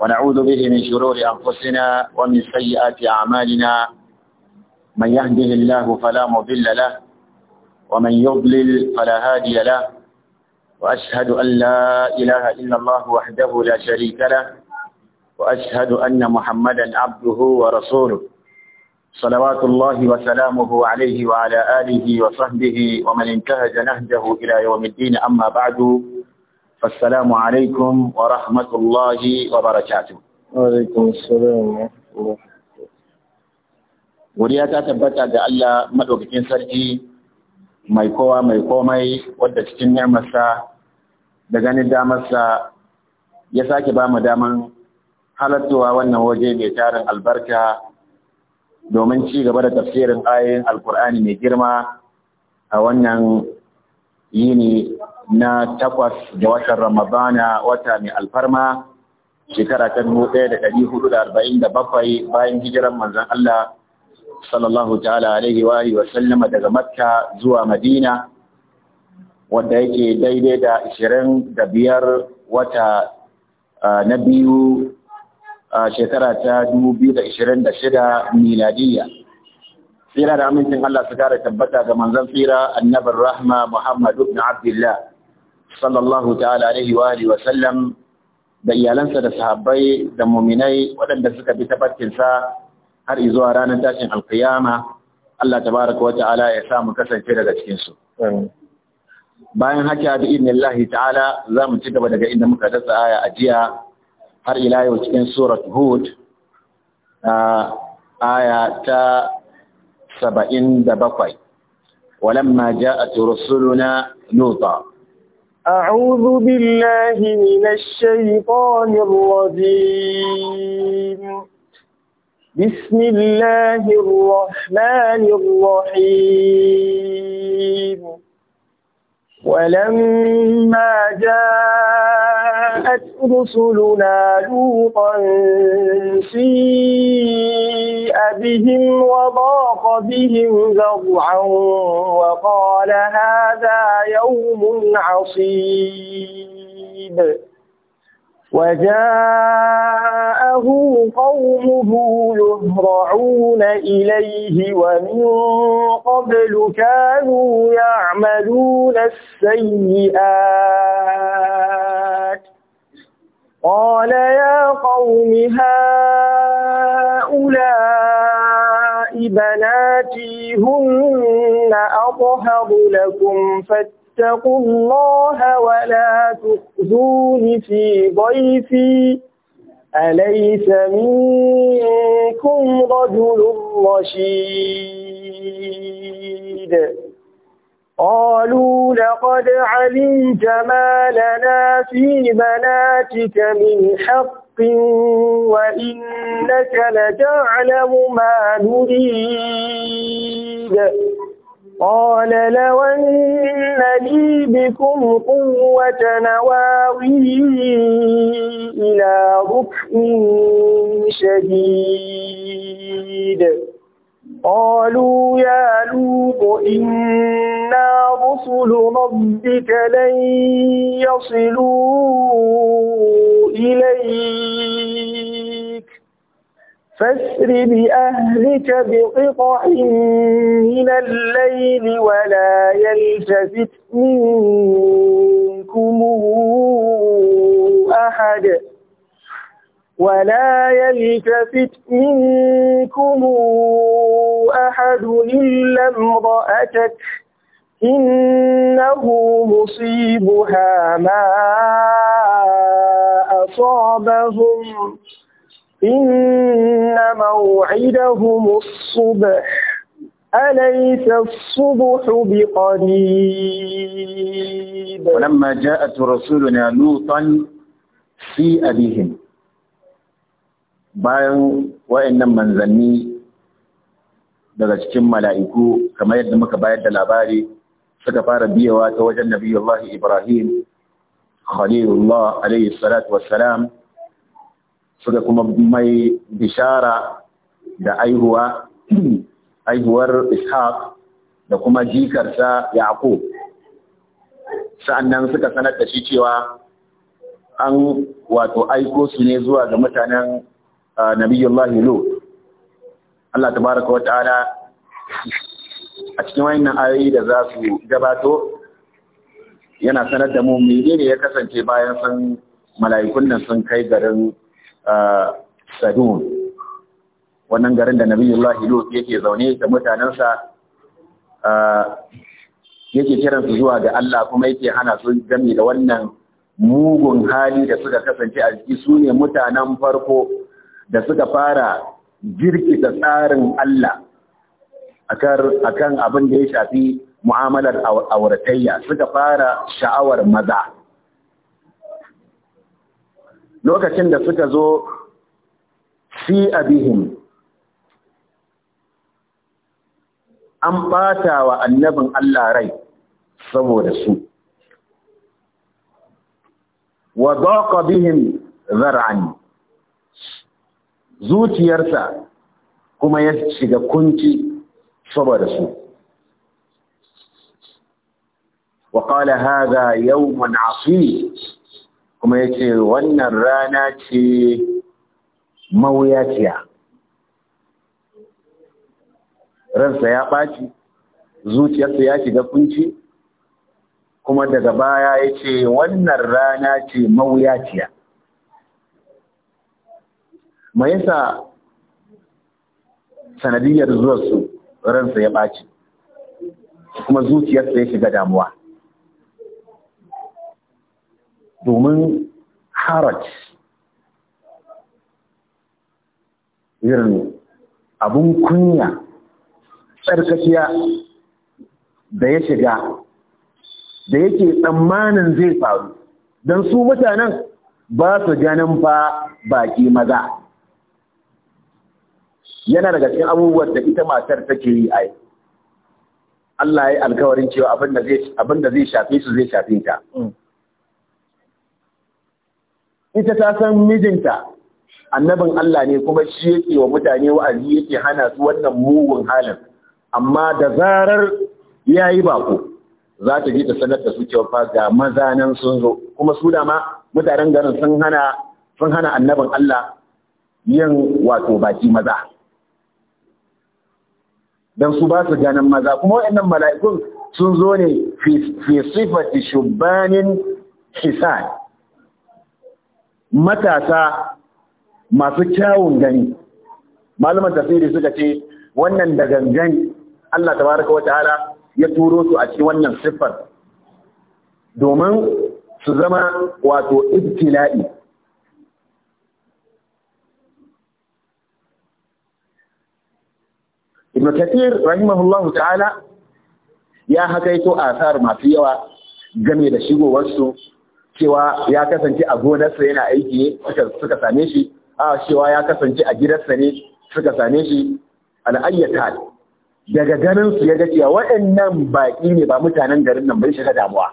ونعوذ به من شرور أنفسنا ومن سيئات أعمالنا من يهده الله فلا مضل له ومن يضلل فلا هادي له وأشهد أن لا إله إلا الله وحده لا شريك له وأشهد أن محمدا عبده ورسوله صلوات الله وسلامه عليه وعلى آله وصحبه ومن انتهج نهجه إلى يوم الدين أما بعد Assalamu wa rahmatullahi wa barakatuh. Godiya ta tabbata ga Allah maɗaukakin sarki mai kowa mai komai wadda cikin nemarsa da ganin damarsa ya sake ba mu daman halattowa wannan waje mai tarin albarka domin ci gaba da tafsirin ayoyin alkur'ani mai girma a wannan yini na takwas da watan Ramadana wata mai alfarma shekara ta dubu ɗaya da ɗari hudu da arba'in da bakwai bayan hijiran manzan Allah sallallahu ta'ala alaihi wa wa sallama daga Makka zuwa Madina wanda yake daidai da ashirin da biyar wata na biyu shekara ta dubu biyu da ashirin da shida miladiyya. tsira da amincin Allah su kara tabbata ga manzon tsira annabin rahma Muhammad ibn Abdullah sallallahu ta'ala alaihi wa alihi wa sallam da iyalansa da sahabbai da muminai waɗanda suka bi tabbacin sa har zuwa ranar tashin alkiyama Allah tabaraka wa ta'ala ya sa mu kasance daga cikin su bayan haka bi idnillahi ta'ala za mu ci gaba daga inda muka dasa aya a jiya har ila yau cikin surat Hud aya ta سبعين da ولما جاءت رسلنا rusuluna أعوذ بالله من الشيطان الرجيم بسم الله الرحمن الرحيم ولما جاءت جاءت رسلنا لوطا سيء بهم وضاق بهم ذرعا وقال هذا يوم عصيب وجاءه قومه يهرعون إليه ومن قبل كانوا يعملون السيئات قال يا قوم هؤلاء بناتي هن أطهر لكم فاتقوا الله ولا تخزون في ضيفي أليس منكم رجل رشيد قالوا لقد علمت ما لنا في بناتك من حق وإنك لتعلم ما نريد قال لو أن لي بكم قوة نواوي إلى ركن شديد قالوا يا لوط إنا رسل ربك لن يصلوا إليك فاسر بأهلك بقطع من الليل ولا يلتفت منكم أحد ولا يلتفت منكم أحد إلا امرأتك إنه مصيبها ما أصابهم إن موعدهم الصبح أليس الصبح بقريب ولما جاءت رسولنا لوطا سيء بهم bayan wa'annan manzanni daga cikin mala'iku kamar yadda muka bayar da labari suka fara biyawa ta wajen Allah Ibrahim Khalilullah alayhi salatu wassalam suka kuma mai bishara da aihuwa aihuwar Ishaq da kuma jikarsa Yaqub sa'annan suka sanar da shi cewa an wato aiko su ne zuwa ga mutanen nabiyullahi lut Allah tabaraka wata'ala a cikin wannan ayoyi da za su gabato yana sanar da mu menene ya kasance bayan san mala'ikun nan sun kai garin Sadun wannan garin da Nabiyullahi Lut yake zaune da mutanensa yake kiran su zuwa ga Allah kuma yake hana su gami da wannan mugun hali da suka kasance a jiki su ne mutanen farko da suka fara jirkita tsarin Allah akan abin da ya shafi mu'amalar auratayya suka fara sha'awar maza lokacin da suka zo fi abihim an ɓata wa annabin Allah rai saboda su wa bihin bihim zar'an zuciyarsa kuma ya shiga kunci saboda su wa haza yau yawmun asir kuma ce wannan rana ce mawuyaciya ransa ya ɓaci zuciyarsa ya shiga kunci kuma daga baya ya ce wannan rana ce mawuyaciya ma yasa sanadiyar zuwarsu ransa ya ɓaci kuma zuciyarsa ya shiga damuwa domin haraj irin abun kunya tsarkakiya da ya shiga da yake tsammanin zai faru don su mutanen ba su ganin ba baki maza yana daga cikin abubuwan da ita matar take yi ai Allah ya alkawarin cewa abin da zai shafe su zai shafe ta. Mm. Ita ta san mijinta annabin Allah ne kuma shi yake wa mutane wa'azi yake hana su wannan mugun halin. Amma da zarar yayi bako, za ta ji ta sanar da su cewa fa ga maza nan sun zo. Kuma su dama mutanen garin sun hana annabin Allah yin wato baki maza. dan su ba su ganin maza kuma waɗannan mala'ikun sun zo ne fi sifati shubbanin hisan matasa masu kyawun gani malaman tafsiri suka ce wannan da gangan Allah tabaraka wata'ala ya turo su a cikin wannan siffar domin su zama wato ibtila'i Ibn Kathir rahimahullahu ta'ala ya hakaito asar masu yawa game da shigowarsu cewa ya kasance a gonarsa yana aiki ne suka same shi a cewa ya kasance a gidansa ne suka same shi al'ayyata daga ganin su ya ga cewa waɗannan baƙi ne ba mutanen garin nan bai shiga damuwa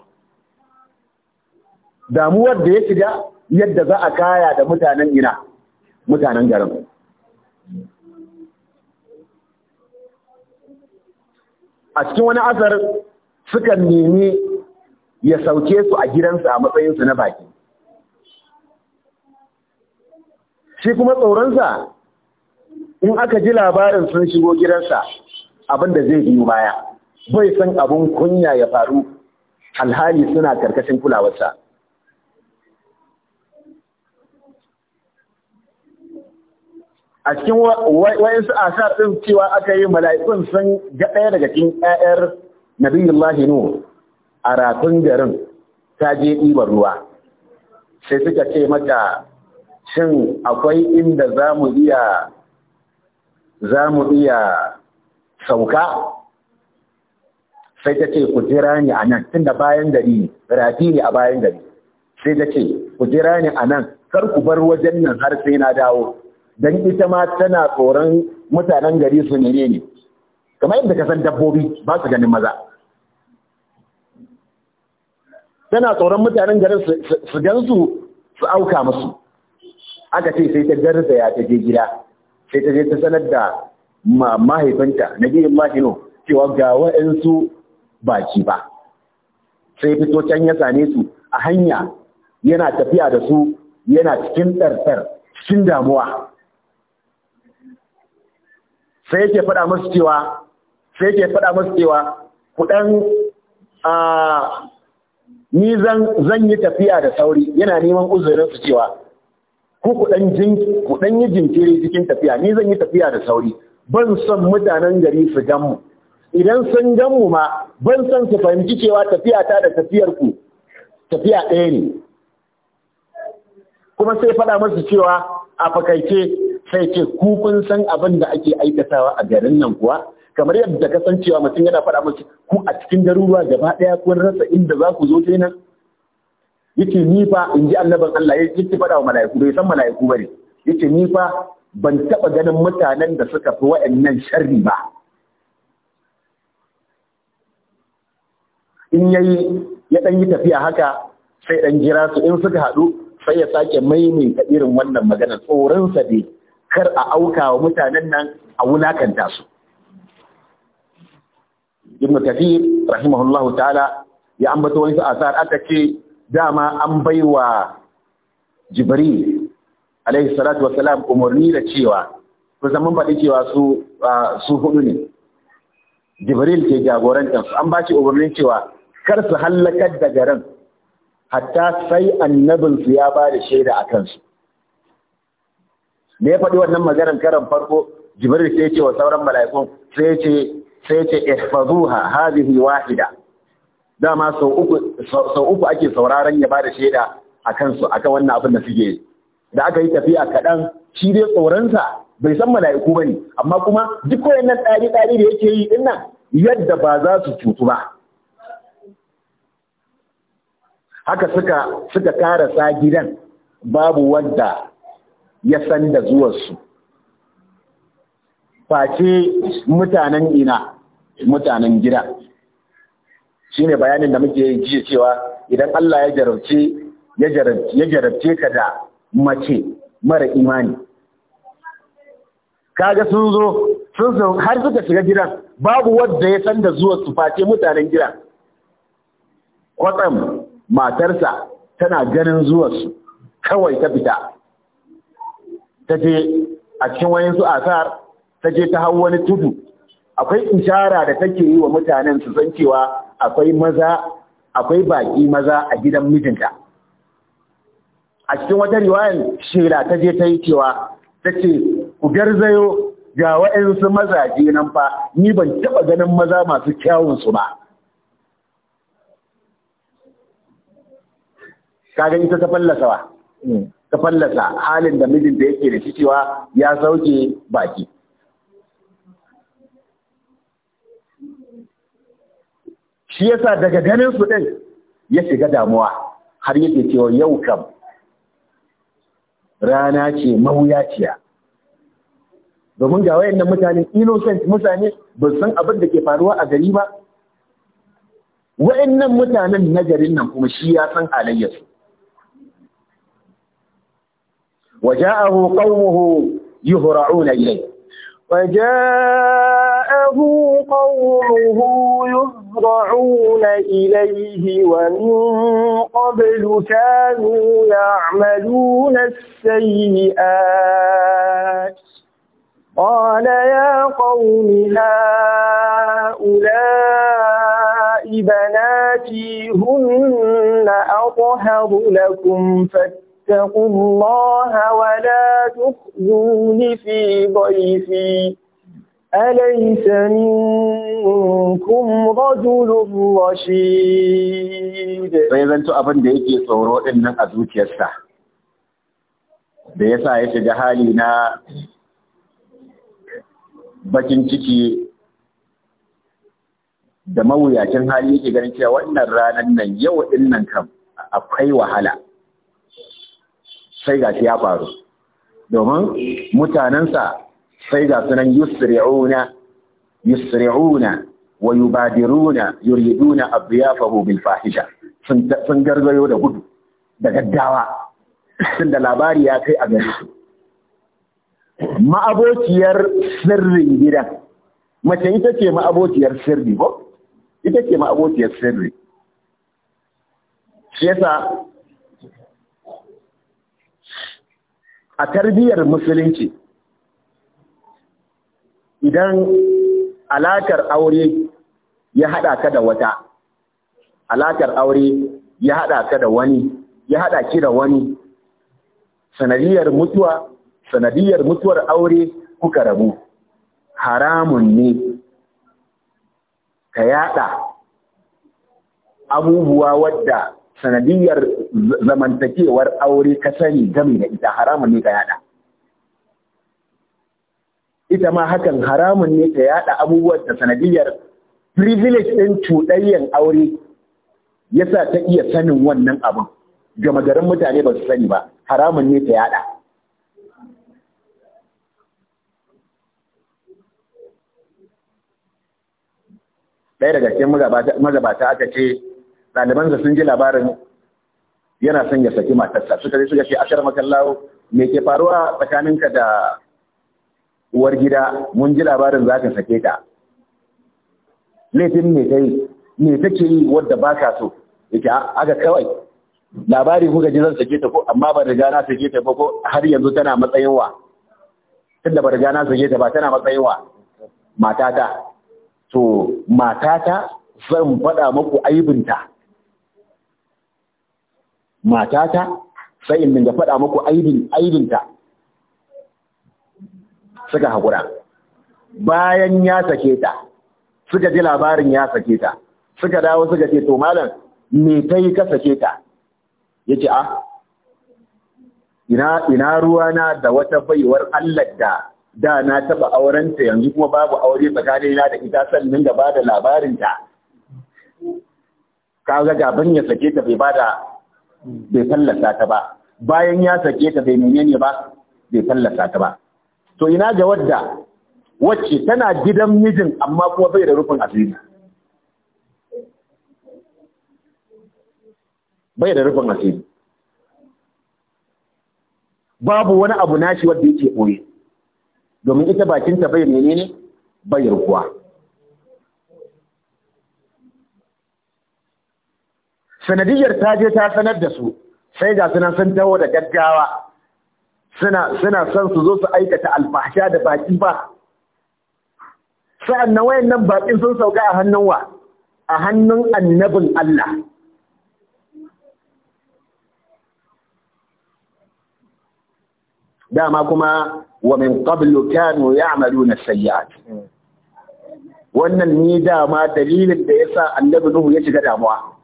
damuwar da ya shiga yadda za a kaya da mutanen ina mutanen garin a cikin wani asar suka nemi ya sauke su a gidansa a matsayinsu na baki shi kuma tsoronsa in aka ji labarin sun shigo gidansa abinda zai biyu baya bai san abin kunya ya faru alhali suna karkashin kulawarsa. a cikin a sa ɗin cewa aka yi mala'ikun sun ga ɗaya daga cikin ƴaƴar nabiyullahi lahinu a ratun garin ta je ɗibar ruwa sai suka ce mata shin akwai inda za mu iya sauka sai ta ce ku jira ni a nan tun da bayan gari rafi ne a bayan gari sai ta ce ku jira ni a nan kar ku bar wajen nan har sai na dawo don ita ma tana tsoron mutanen gari su ne ne kamar yadda ka san dabbobi ba su ganin maza tana tsoron mutanen gari su gansu su auka musu aka ce sai ta garza ya ta je gida sai ta je ta sanar da mahaifinta na biyan mahino cewa ga wa'ansu baki ba sai fito can ya same su a hanya yana tafiya da su yana cikin ɗarɗar cikin damuwa sai yake faɗa musu cewa sai yake faɗa musu cewa ku a ni zan zan yi tafiya da sauri yana neman uzurin su cewa ku ku dan jin ku yi jinkiri cikin tafiya ni zan yi tafiya da sauri ban son mutanen gari su gan mu idan sun gan mu ma ban son su fahimci cewa tafiya ta da tafiyar ku tafiya ɗaya ne kuma sai faɗa musu cewa a fakaice sai ce ku kun san abin da ake aikatawa a garin nan kuwa kamar yadda kasancewa mutum yana faɗa musu ku a cikin garuruwa gaba ɗaya kun rasa inda za ku zo sai nan yace ni fa in ji annabin Allah ya yi faɗa wa mala'iku bai san mala'iku bane yace ni fa ban taɓa ganin mutanen da suka fi wa'annan sharri ba in yayi ya ɗan yi tafiya haka sai ɗan jira su in suka haɗu sai ya sake maimaita irin wannan magana tsoronsa dai kar a auka wa mutanen nan a wulakanta su ibn kathir rahimahullah ta'ala ya ambata wani asar aka ce dama an baiwa jibril alaihi salatu wassalam umarni da cewa kusan mun faɗi cewa su su hudu ne jibril ke jagorantar an ba shi umarnin cewa kar su hallakar da garin hatta sai annabinsu ya ba da shaida a kansu da ya faɗi wannan maganar karan farko jibril sai ce wa sauran mala'ikun sai ce sai ce ihfazuha hadhihi wahida dama sau uku sau uku ake sauraron ya bada shaida akan su akan wannan abin da suke da aka yi tafiya kaɗan shi dai tsoronsa bai san mala'iku ba ne amma kuma duk wayannan ɗari-ɗari da yake yi ɗin nan yadda ba za su cutu ba haka suka suka karasa gidan babu wanda ya san da zuwarsu face mutanen ina mutanen gida shi ne bayanin da muke ji cewa idan Allah ya jarabce ya jarabce ka da mace mara imani kaga sun zo sun zo har suka shiga gidan babu wanda ya san da zuwarsu face mutanen gidan kwatsam matarsa tana ganin zuwarsu kawai ta fita ta je a cikin wayan su asar ta je ta hau wani tudu akwai ishara da take yi wa mutanen su san cewa akwai maza akwai baki maza a gidan mijinta a cikin wata riwayar shela ta je ta yi cewa ta ce ku garzayo ga waɗansu mazaje nan fa ni ban taɓa ganin maza masu kyawun su ba kaga ita ta fallasawa hmm. Ka fallasa halin da mijinta yake da cewa ya sauke baki shi yasa daga ganin su ɗin, ya shiga damuwa har yake cewa yau kam rana ce mawuyaciya domin ga nan mutane innocent mutane ba san abin da ke faruwa a gari ba wayannan mutanen na garin nan kuma shi ya san halayyarsu وجاءه قومه يهرعون إليه وجاءه قومه يهرعون إليه ومن قبل كانوا يعملون السيئات قال يا قوم هؤلاء بناتي هن أطهر لكم فاتقوا اتقوا الله ولا تخزون في ضيفي أليس منكم رجل رشيد sai zanto abin da yake tsoro din a zuciyarsa da yasa ya shiga hali na bakin ciki da mawuyacin hali yake ganin cewa wannan ranar nan yau din kam akwai wahala sai ga shi ya faru domin mutanensa sai ga sunan yusri'una yusri'una wa yubadiruna yuriduna abyafahu bil fahisha sun sun gargayo da gudu da gaddawa tunda labari ya kai a gare su ma'abociyar sirrin gidan mace ita ce ma'abociyar sirri ko ita ce ma'abociyar sirri shi yasa a tarbiyyar musulunci idan alakar aure ya haɗa ka da wata alakar aure ya haɗa ka da wani ya haɗa ki da wani sanadiyar mutuwa sanadiyar mutuwar aure kuka rabu haramun ne ka yaɗa abubuwa wadda sanadiyar zamantakewar aure ka sani game da ita haramun ne ka yada ita ma hakan haramun ne ka yada abubuwan da sanadiyar privilege ɗin cuɗayyan aure ya sa ta iya sanin wannan abin gama garin mutane ba su sani ba haramun ne ta yada ɗaya daga cikin magabata aka ce ɗalibansa sun ji labarin yana son ya saki matarsa suka je suka ce ashar makallawo me ke faruwa tsakaninka da uwar gida mun ji labarin za ka sake ta laifin me kai me take yi wadda ba ka so yake aka kawai labari kuka ji zan sake ta ko amma ba riga na sake ta ba ko har yanzu tana matsayin wa tunda ba riga na sake ta ba tana matsayin wa matata to matata zan faɗa muku aibinta matata sai in dinga faɗa muku aibin aibinta suka haƙura bayan ya sake ta suka ji labarin ya sake ta suka dawo suka ce to malam me ta ka sake ta ya ce ah, a ina ruwana da wata baiwar Allah da da na taɓa aurenta yanzu kuma babu aure tsakanina da ita sannan da ba da labarinta ga gaban ya sake ta bai bada. bai tallata ta ba bayan ya sake ta bai menene ba bai tallata ta ba to ina ga wadda wacce tana gidan mijin amma kuma bai da rufin asiri bai da rufin asiri babu wani abu nashi wanda yake ɓoye domin ita bakinta bai menene bai rukuwa sanadiyar ta je ta sanar da su sai ga suna sun taho da gaggawa suna suna son su zo su aikata alfahsha da baki ba sa'an na wayannan baƙin sun sauka a hannun wa a hannun annabin Allah dama kuma wa min qablu kanu ya'maluna sayyi'at wannan ni dama dalilin da yasa annabi Nuhu ya shiga damuwa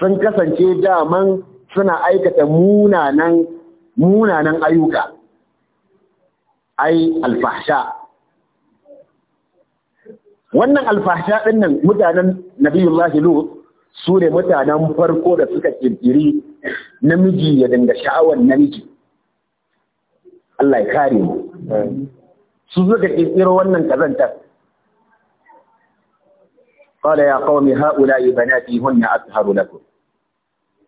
sun kasance daman suna aikata munanan munanan ayyuka ai alfahsha wannan alfahsha din nan mutanen nabiyullahi lut su ne mutanen farko da suka ƙirƙiri namiji ya danga sha'awar namiji Allah ya kare mu su suka kirkiro wannan kazantar قال ya قوم هؤلاء بناتي هن azharu لكم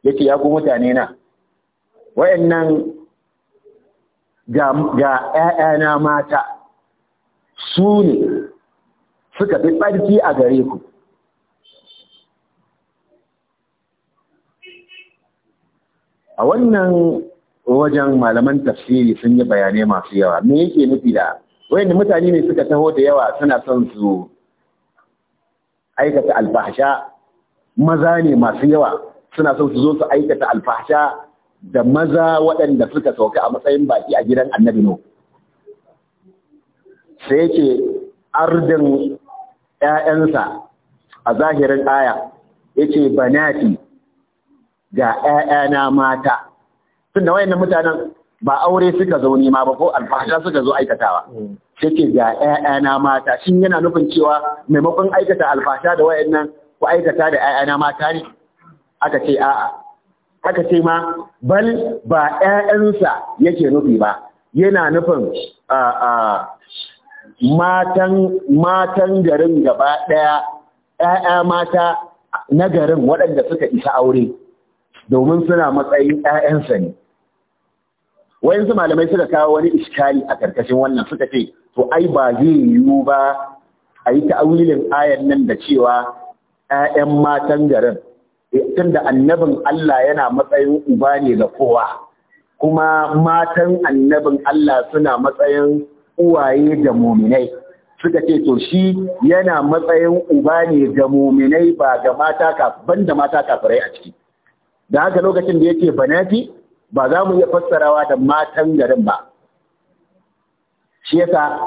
يكي ya ku mutane na wayannan ga ga ƴaƴana mata su ne suka a gare ku a wannan wajen malaman tafsiri sun yi bayanai masu yawa me yake nufi da wayanda mutane ne suka taho da yawa suna son su aikata alfahasha, maza ne masu yawa suna son su zo su aikata alfahasha da maza waɗanda suka sauka a matsayin baki a gidan annabi no sai yake ardin ‘ya'yansa a zahirin aya yace banati ga ‘ya'yana mata tun wayannan mutanen ba aure suka zo nema ba ko alfasha suka zo aikatawa hmm. sai ce ga ƴaƴana mata shin yana nufin cewa maimakon aikata alfasha da wayannan ku aikata da ƴaƴana mata ne aka ce a'a aka ce ma bal ba 'ya'yansa yake nufi ba yana nufin matan matan garin gaba ɗaya ƴaƴa mata na garin waɗanda suka isa aure domin suna matsayin 'ya'yansa ne wayansu malamai suka kawo wani iskali a karkashin wannan suka ce to ai ba zai yiwu ba a yi ta'awilin ayan nan da cewa ‘ya'yan matan garin eh, da annabin Allah yana matsayin uba ne ga kowa kuma matan annabin Allah suna matsayin uwaye da muminai suka ce to shi yana matsayin uba ne ga muminai ba ga mata ban da mata kafirai a ciki da haka lokacin da yake banafi ba za mu iya fassarawa da matan garin ba shi yasa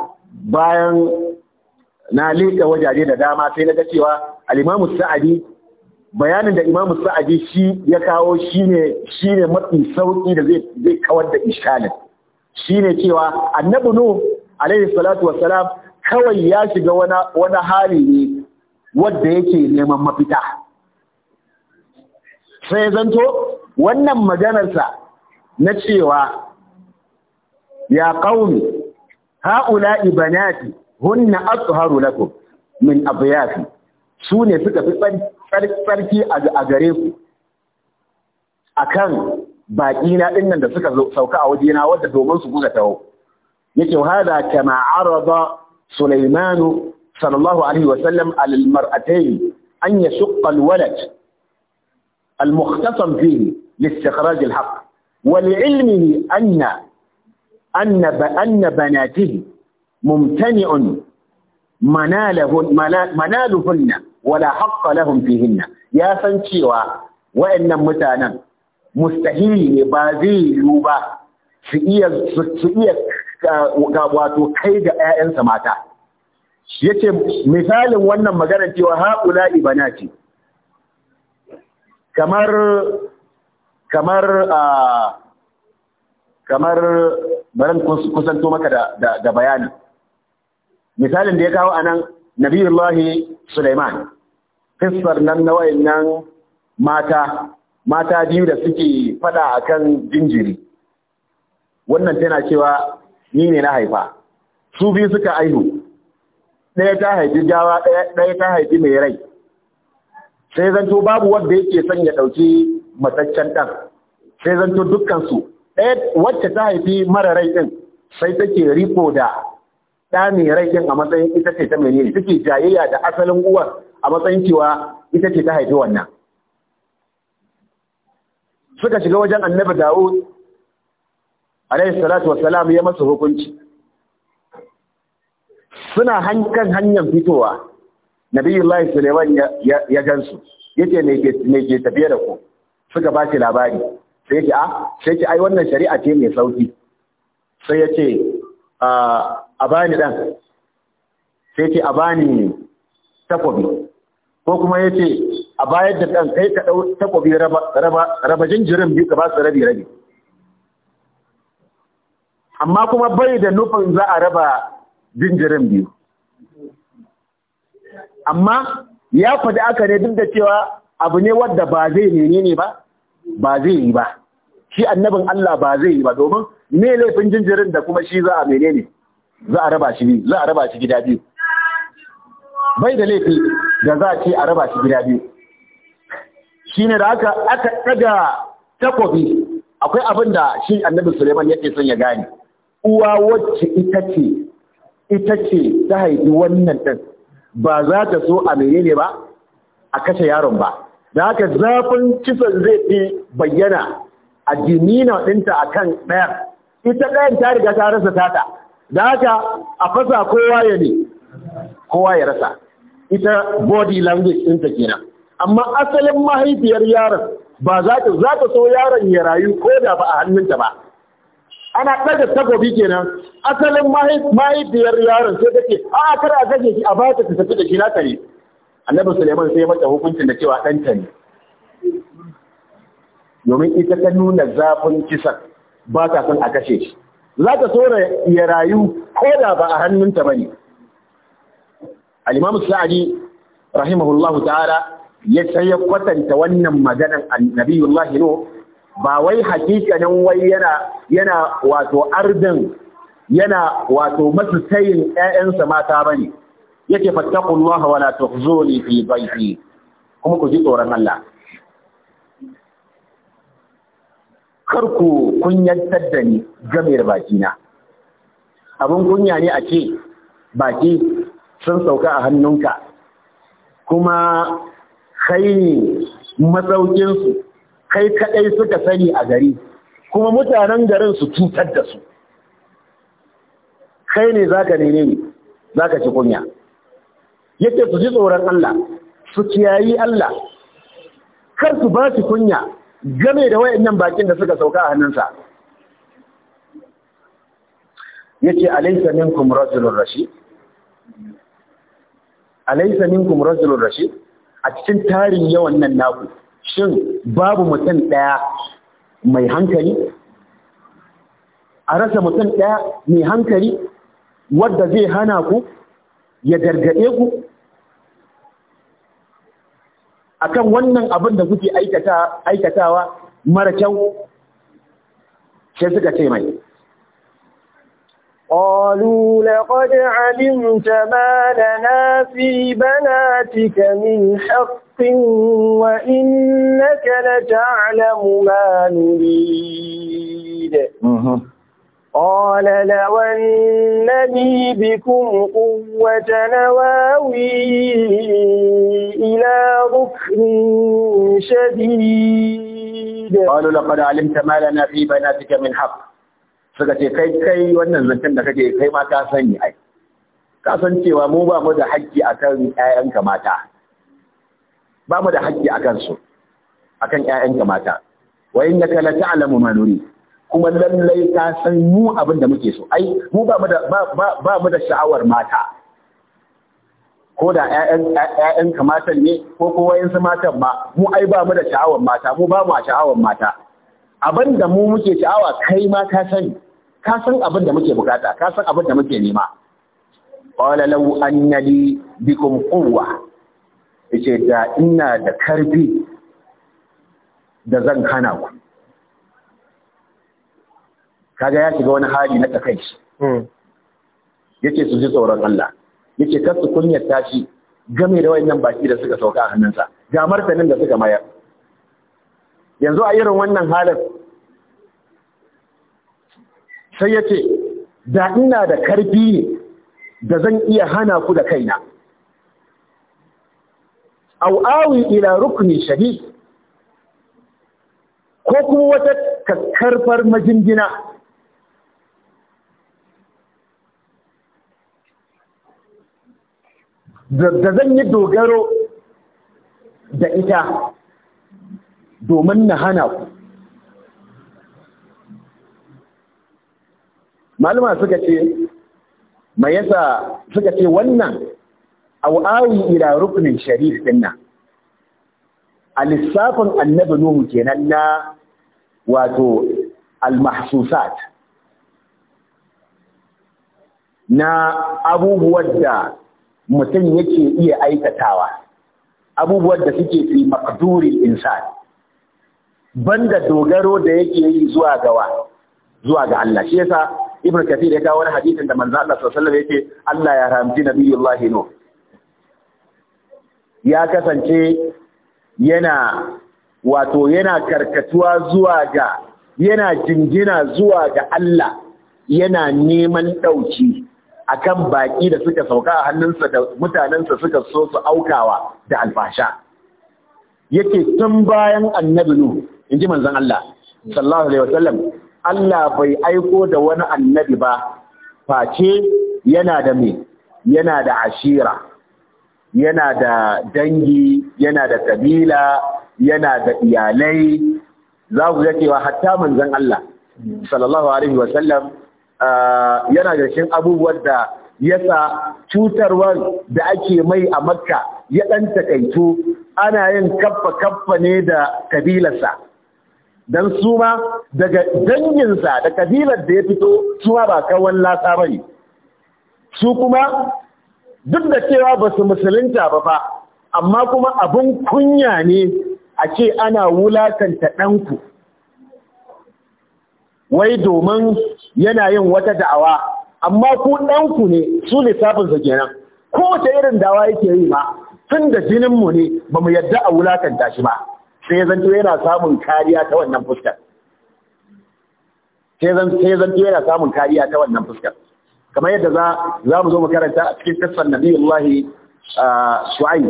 bayan na leƙa wajaje da dama sai na ga cewa al'imamu Sa'adi bayanin da imamu Sa'adi shi ya kawo shi shine mafi sauki da zai kawar da Shi shine cewa Annabi Nuh alaihi salatu wassalam kawai ya shiga wani hali ne wanda yake neman mafita sai zanto wannan maganarsa na cewa ya qaumi haula'i banati hunna atharu lakum min abyafi su ne suka fi tsarki a gare ku akan baƙi na ɗinnan da suka sauka a wajena wadda domin su kuka taho yake hada kama arada Sulaimanu sallallahu alaihi wa sallam alal mar'atayn an yashqa alwalad المختصم فيه لاستخراج الحق ولعلمه ilmi أن أن بناته ممتنع منالهن منالهن ولا حق لهم فيهن san cewa wayannan mutanen mustahili ne ba zai yiwu ba su iya su iya wato kai ga 'ya'yansa mata yace misalin wannan magana cewa haula ce kamar kamar kamar baran kusanto maka da bayani misalin da ya kawo anan nabiyullahi Sulaiman kissar nan na wayannan mata mata biyu da suke fada akan jinjiri wannan tana cewa ni ne na haifa su biyu suka aihu ɗaya ta haifi gawa ɗaya ta haifi mai rai sai zanto babu wanda yake son ya ɗauki mataccen ɗan sai zanto dukkansu ɗaya eh, wacce ta haifi mara rai ɗin sai take riko da ɗa mai rai ɗin a matsayin ita ce ta menene take jayayya da asalin uwar a matsayin cewa ita ce ta haifi wannan suka shiga wajen annabi da'ud alayhi salatu wassalam ya masa hukunci suna kan hanyar fitowa nabiyullahi suleiman ya gansu ce ne ke tafiye da ku suka ba shi labari sai ce a ah, sai ce ai wannan shari'a ce mai sauki sai ya ce a bani dan sai ce a bani takobi ko kuma ya ce a bayar da dan kai ka ɗau takobi raba raba jinjirin biyu ka ba su rabi rabi amma kuma bai da nufin za a raba jinjirin biyu amma ya faɗi aka ne duk da cewa abu ne wadda ba zai menene ba ba zai yi ba shi annabin Allah ba zai yi ba domin me laifin jinjirin da kuma shi za a menene za a raba shi za a raba shi gida biyu bai da laifi da za a ce a raba shi gida biyu ne da aka aka ɗaga takobi akwai abin da shi annabin Suleiman yake son ya gane uwa wacce ita ce ita ce ta haifi wannan din ba za ta so a menene ba a kashe yaron ba da haka zafin kisan zai fi bayyana a jimina ɗinta a kan ɗaya. ita ɗayan ta riga ta rasa tata da haka a fasa kowa ya ne kowa ya rasa ita body language ɗinta kenan amma asalin mahaifiyar yaron ba za ta so yaron ya rayu ko da ba a hannunta ba ana ɗaga takobi kenan asalin mahaifiyar yaron sai take a kar a gaje shi a ba ta tafi da shi na tare annabi suleiman sai mata hukuncin da cewa ɗanta ne domin ita ta nuna zafin kisan ba ta son a kashe shi za ta so ya rayu ko da ba a hannunta ba ne alimamu sa'adi rahimahullahu ta'ala ya sai ya kwatanta wannan maganan annabiyullahi no ba wai hakikanin wai yana yana wato ardin yana wato masu tayin ƴaƴansa mata bane yake fattaqullaha wala tuhzuni fi baiti kuma ku ji tsoron Allah kar ku kunyantar da ni game da bakina abin kunya ne a ce baki sun sauka a hannunka kuma kai ne matsaukinsu kai kaɗai suka sani a gari kuma mutanen garin su cutar da su kai ne za ka nene ne za ka ci kunya yake su ji tsoron Allah su kiyayi Allah kar su ba su kunya game da wayannan bakin da suka sauka a hannunsa yake alaysa minkum rajulun rashid alaysa minkum rajulun rashid a cikin tarin yawan nan naku shin babu mutum ɗaya mai hankali a rasa mutum ɗaya mai hankali wadda zai hana ku ya gargaɗe ku akan wannan abin da kuke aikatawa mara kyau sai suka ce mai قالوا لقد علمت ما لنا في بناتك من حق حق وإنك لتعلم ما نريد قال لو أن لي بكم قوة نواوي إلى ركن شديد قالوا لقد علمت ما لنا في suka ce kai kai wannan zancen da kake kai ma ka sani ai ka san cewa mu ba mu da haƙƙi akan 'ya'yanka mata ba mu da haƙƙi a kansu a kan ‘ya'yanka mata wa yin naka la alamu ma kuma lallai ka san mu abin da muke so ai mu ba mu da sha'awar mata ko da ‘ya'yanka matan ne ko yin su matan ma mu ai ba mu da sha'awar mata mu ba mu a sha'awar mata abin da mu muke sha'awa kai ma ka sani ka san abin da muke bukata ka san abin da muke nema Ƙwalalau an yadi bikin bikum yace da ina da karbi da zan hana ku kaga ya shiga wani hali na takaici hmm. yace su ji tsoron Allah yace kar su kunyar tashi game da wayannan baki da suka sauka a hannunsa ga martanin da suka mayar yanzu a irin wannan halin sai yace da ina da karfi da zan iya hana ku da kaina au awi ila rukni shahid ko kuma wata kakkarfar majingina da zan yi dogaro da ita domin na hana ku malama suka ce mai yasa suka ce wannan aw awi ila ruknin sharif dinna a lissafin annabi nuhu kenan na wato al-mahsusat na abubuwan da mutum yake iya aikatawa abubuwan da suke fi makdurin insan banda dogaro da yake yi zuwa gawa zuwa ga Allah shi yasa ibnu kathir ya kawo wani hadisin da manzo Allah sallallahu alaihi wasallam yake Allah ya rahamci nabiyullahi nuh ya kasance yana wato yana karkatuwa zuwa ga yana jinjina zuwa ga Allah yana neman ɗauki a kan baƙi da suka sauka a hannunsa da mutanensa suka so su aukawa da alfasha yake tun bayan annabi nu in ji manzan Allah sallallahu alaihi wasallam Allah bai aiko da wani annabi ba face yana da me yana da ashira yana da dangi yana da kabila yana da iyalai za ku ga cewa hatta manzon Allah sallallahu alaihi wa sallam yana da shin abubuwan da yasa cutarwar da ake mai a makka ya ɗan takaitu ana yin kaffa-kaffa ne da kabilarsa don su ma daga danginsa da kabilar da ya fito su ma ba kawan lasa ba su kuma duk da cewa ba su musulunta ba fa amma kuma abin kunya ne a ce ana wulakanta ɗanku wai domin yana yin wata da'awa amma ku ɗanku ne su lissafinsa kenan kowace irin dawa yake yi ma tun da jininmu ne ba mu yadda a wulakanta shi ba sai zanto yana samun kariya ta wannan fuskar sai zanto yana samun kariya ta wannan fuskar kamar yadda za mu zo mu karanta a cikin kasar nabiyullahi shu'ayi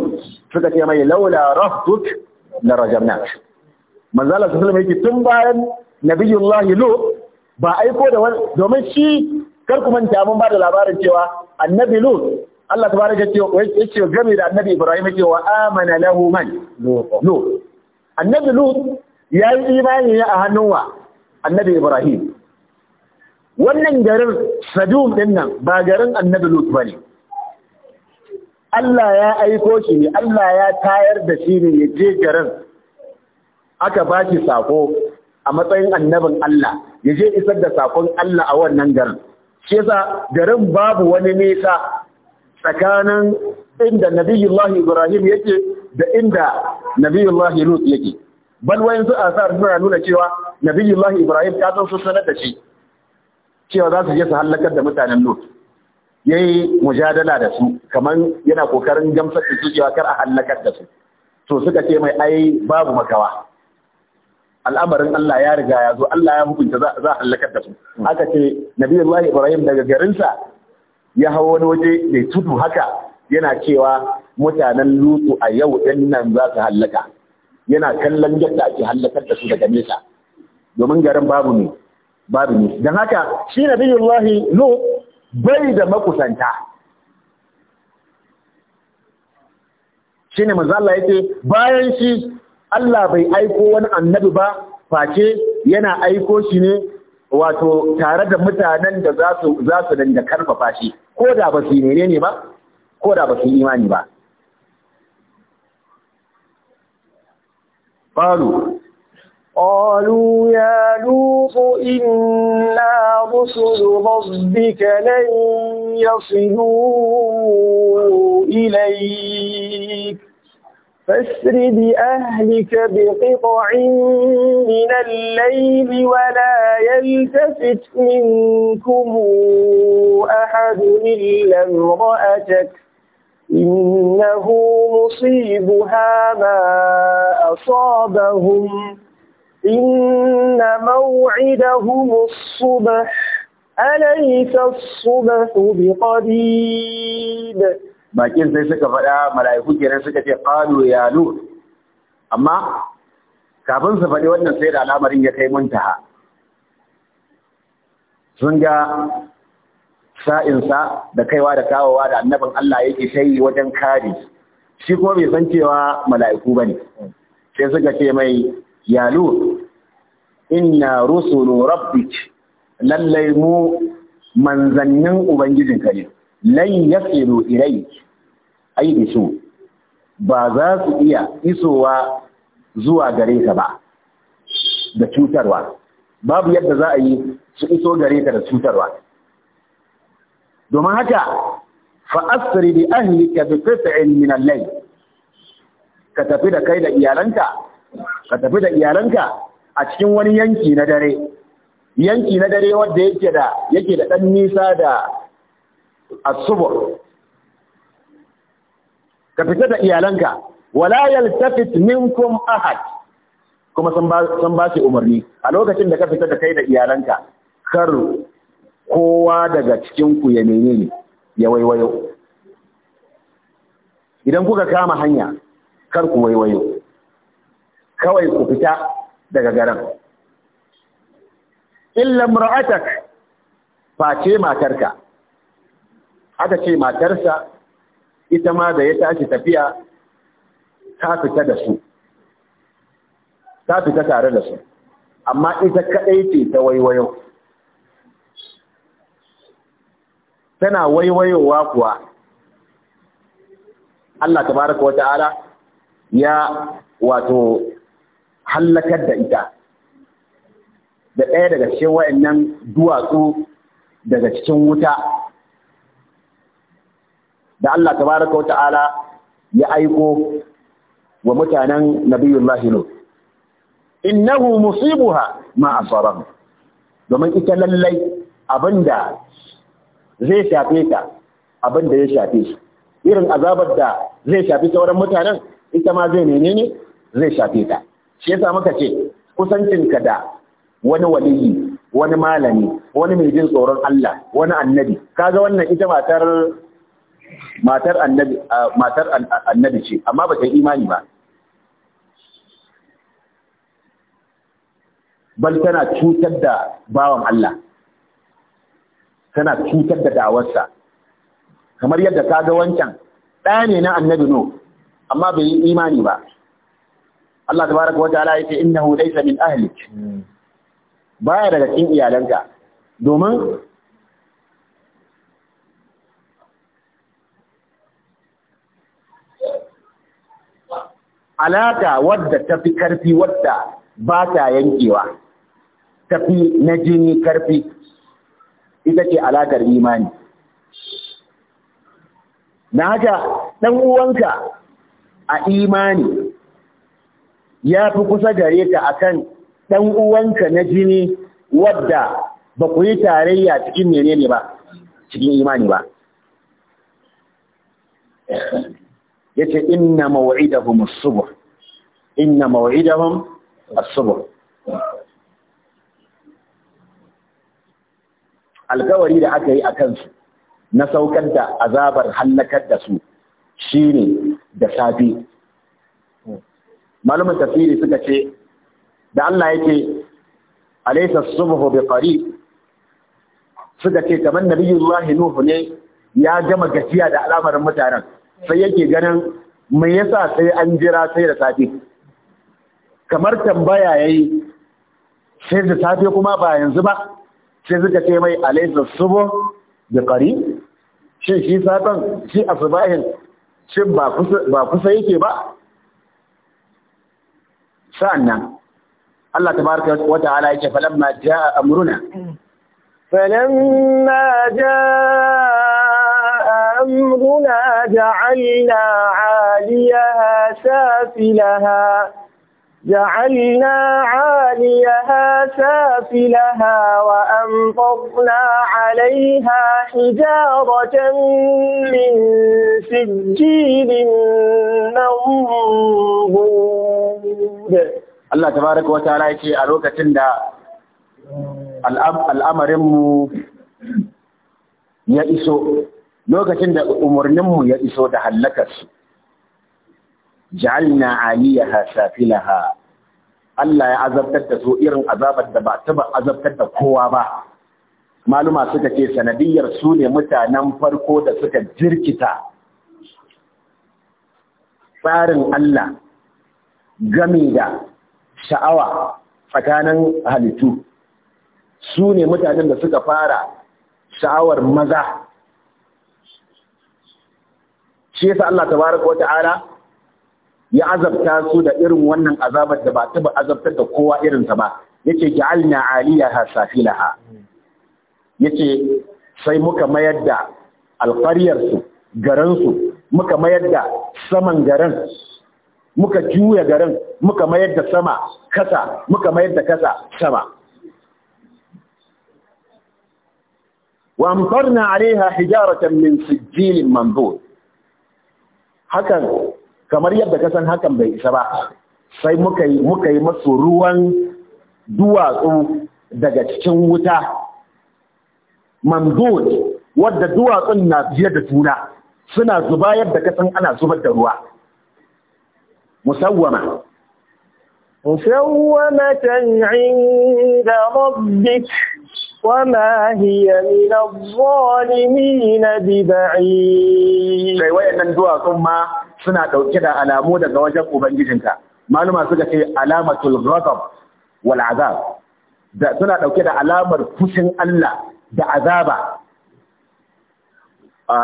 suka ce mai laula rahduk na rajamnak manzo Allah sallallahu alaihi wasallam tun bayan nabiyullahi lu ba aiko da wani. domin shi kar ku manta mun ba da labarin cewa annabi lu Allah ta ce tabaraka yace game da annabi Ibrahim yace wa amana lahu man lu annabi ya yi imani a hannun wa annabi Ibrahim wannan garin sadum din nan ba garin annabi lut bane Allah ya aiko shi ne Allah ya tayar da shi ne ya je garin aka ba shi sako a matsayin annabin Allah ya je isar da sakon Allah a wannan garin shi yasa garin babu wani nesa tsakanin inda nabiyullahi Ibrahim yake da inda nabiyullahi Lut yake bal wayansu sa suna nuna cewa nabiyullahi Ibrahim ta san su sanar da shi cewa za su je su hallakar da mutanen Lut ya yi mujadala da su kamar yana kokarin gamsar da su cewa kar a hallakar da su to suka ce mai ai babu makawa al'amarin Allah ya riga ya zo Allah ya hukunta za a hallakar da su hmm. aka ce Allah Ibrahim daga garinsa ya hau wani waje mai tudu haka yana cewa mutanen lutu a yau ɗin nan za su hallaka yana kallon yadda ake hallakar da su daga nesa domin garin babu ne babu ne don haka shi na nabiyullahi no bai da makusanta shi ne mazala yake bayan shi Allah bai aiko wani annabi ba face yana aiko shi ne wato tare da mutanen da za su da danga karfafa shi ko da ba su yi ne ba ko da ba su yi imani ba Falu. قالوا يا لوط إنا رسل ربك لن يصلوا إليك فاسر بأهلك بقطع من الليل ولا يلتفت منكم أحد إلا امرأتك إنه مصيبها ما أصابهم إن موعدهم الصبح أليس الصبح بقريب bakin sai suka faɗa mala'iku kenan suka ce qalu ya nur amma kafin su faɗi wannan sai da al'amarin ya kai muntaha sun ga sa'insa da kaiwa da kawowa da annabin Allah yake sai wajen kare shi kuma bai san cewa mala'iku bane sai suka ce mai ya lut inna rusulu rabbik lallai mu manzannin ka ne lan yasilu ilayk ai su ba za su iya isowa zuwa gare ka ba da cutarwa babu yadda za a yi su iso gare ka da cutarwa domin haka fa bi ahlika bi qit'in min al-layl ka tafi da kai da iyalanka ka tafi da iyalanka a cikin wani yanki na dare yanki na dare wanda yake da yake da dan nisa da asubur ka fita da iyalanka wala yaltafit minkum ahad kuma san ba san ba shi umarni a lokacin da ka fita da kai da iyalanka kar kowa daga cikin ku ya menene ya waiwayo idan kuka kama hanya kar ku waiwayo kawai ku fita daga garin illa mura'atak face matarka aka ce matarsa ita ma da ya tashi tafiya ta fita da su ta fita tare da su amma ita kaɗai ce ta waiwayo tana waiwayowa kuwa Allah ta wata wata'ala ya wato hallakar da ita da ɗaya daga cikin wa'annan duwatsu daga cikin wuta da Allah tabaraka wa ta'ala ya aiko wa mutanen nabiyullahi lut innahu musibuha ma asarahu domin ita lallai abin da zai shafe ta abin da ya shafe shi irin azabar da zai shafi sauran mutanen ita ma zai menene zai shafe ta shi yasa muka ce ka da wani waliyi wani malami wani mai jin tsoron Allah wani annabi kaga wannan ita matar matar annabi matar annabi ce amma ba ta imani ba bal tana cutar da bawan Allah tana cutar da dawarsa kamar yadda kaga wancan ɗaya ne na annabi no amma bai yi imani ba Allah tabaraka ce yace innahu laysa min ahlik baya daga cikin iyalanka domin alaka wadda fi karfi wadda ba ta yankewa ta fi na jini karfi ita ce alakar imani na haka ɗan uwanka a imani ya fi kusa gare ta akan ɗan uwanka na jini wadda ba ku yi tarayya cikin menene ba cikin imani ba yace inna maw'idahum as-subh inna maw'idahum as-subh alkawari da aka yi a kansu na saukar da azabar hallakar da su shine da safe Malamin tafsiri suka ce da Allah yake alaysa subhu bi suka ce kamar nabiyullahi nuhu ne ya gama gajiya da alamar mutanen sai yake ganin me yasa sai an jira sai da safe kamar tambaya yayi sai da safe kuma ba yanzu ba sai suka ce mai alaysa subhu bi qarib shin shi satan shi asbahin shin ba kusa yake ba sa'annan Allah tabaraka wa ta'ala yake falamma jaa amruna falamma jaa amruna ja'alna 'aliyaha safilaha جعلنا عاليها سافلها وأمطرنا عليها حجارة من سجيل منبود الله تبارك وتعالى يكي أروك تندى الأمر مو يأسو لوك تندى أمر ya يأسو da ja'alna aliyaha safilaha Allah ya azabtar da su irin azabar da ba ta azabtar da kowa ba maluma suka ce sanadiyar su ne mutanen farko da suka jirkita tsarin Allah gami da sha'awa tsakanin halittu su ne mutanen da suka fara sha'awar maza shi yasa Allah tabaraka wa ta'ala ya azabta su da irin wannan azabar da ba taba azabtar da kowa irinsa ba yake ja'alna aliyaha safilaha yace sai muka mayar da alƙaryar su garan su muka mayar da saman garan muka juya garin muka mayar da sama kasa muka mayar da kasa sama wa amtarna alaiha hijaratan min sijjilin manzur hakan kamar yadda ka san hakan bai isa ba sai muka yi masu ruwan duwatsu daga cikin wuta mandud wadda duwatsun na fiye da juna suna zuba yadda ka san ana zubar da ruwa musawwama musawwamatan inda rabbik wama hiya min adh-dhalimin bib'id sai wayannan duwatsun ma suna ɗauke da alamu daga wajen ubangijinka maluma suka ce alamatul ghadab wal azab da suna ɗauke da alamar fushin Allah da azaba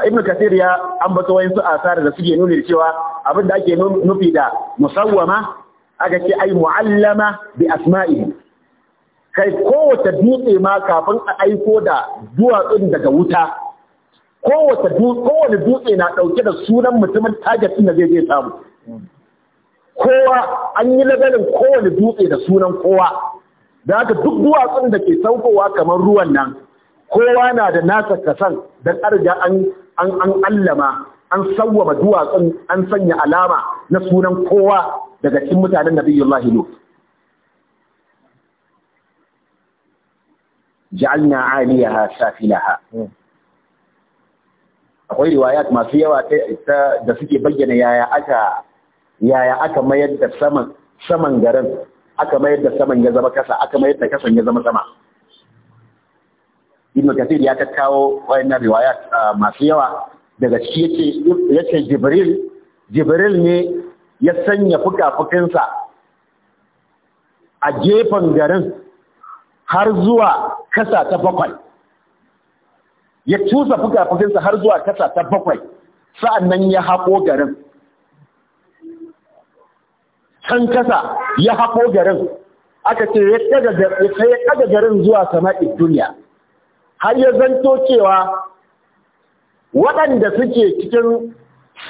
ibn kasir ya wayin su asarar da suke nuni cewa abin da ake nufi da musawwama aka ce ai muallama bi asma'ihi kai kowace dutse ma kafin a aiko da duwatsun daga wuta kowane dutse na ɗauke da sunan mutumin target ɗin da zai zai samu kowa an yi labarin kowane dutse da sunan kowa da haka duk duwatsun da ke saukowa kamar ruwan nan kowa na da nasa kasan don ƙarga an allama an sawwama duwatsun an sanya alama na sunan kowa daga cikin mutanen nabiyullahi ja'alna 'aliyaha safilaha hmm. akwai riwayat masu yawa da suke bayyana yaya aka yaya aka mayar da saman saman garin aka mayar da saman ya zama kasa aka mayar da kasan ya zama sama ibn kathir ya kakkawo wayannan riwayat masu yawa daga ciki yace yace jibril jibril ne ya sanya fuka fukafukinsa a gefen garin har zuwa kasa ta bakwai ya cusa fuka-fukinsa har zuwa kasa ta bakwai sa'an nan ya haƙo garin can kasa ya haƙo garin aka ce ya ɗaga garin zuwa sama'i duniya har ya zanto cewa waɗanda suke cikin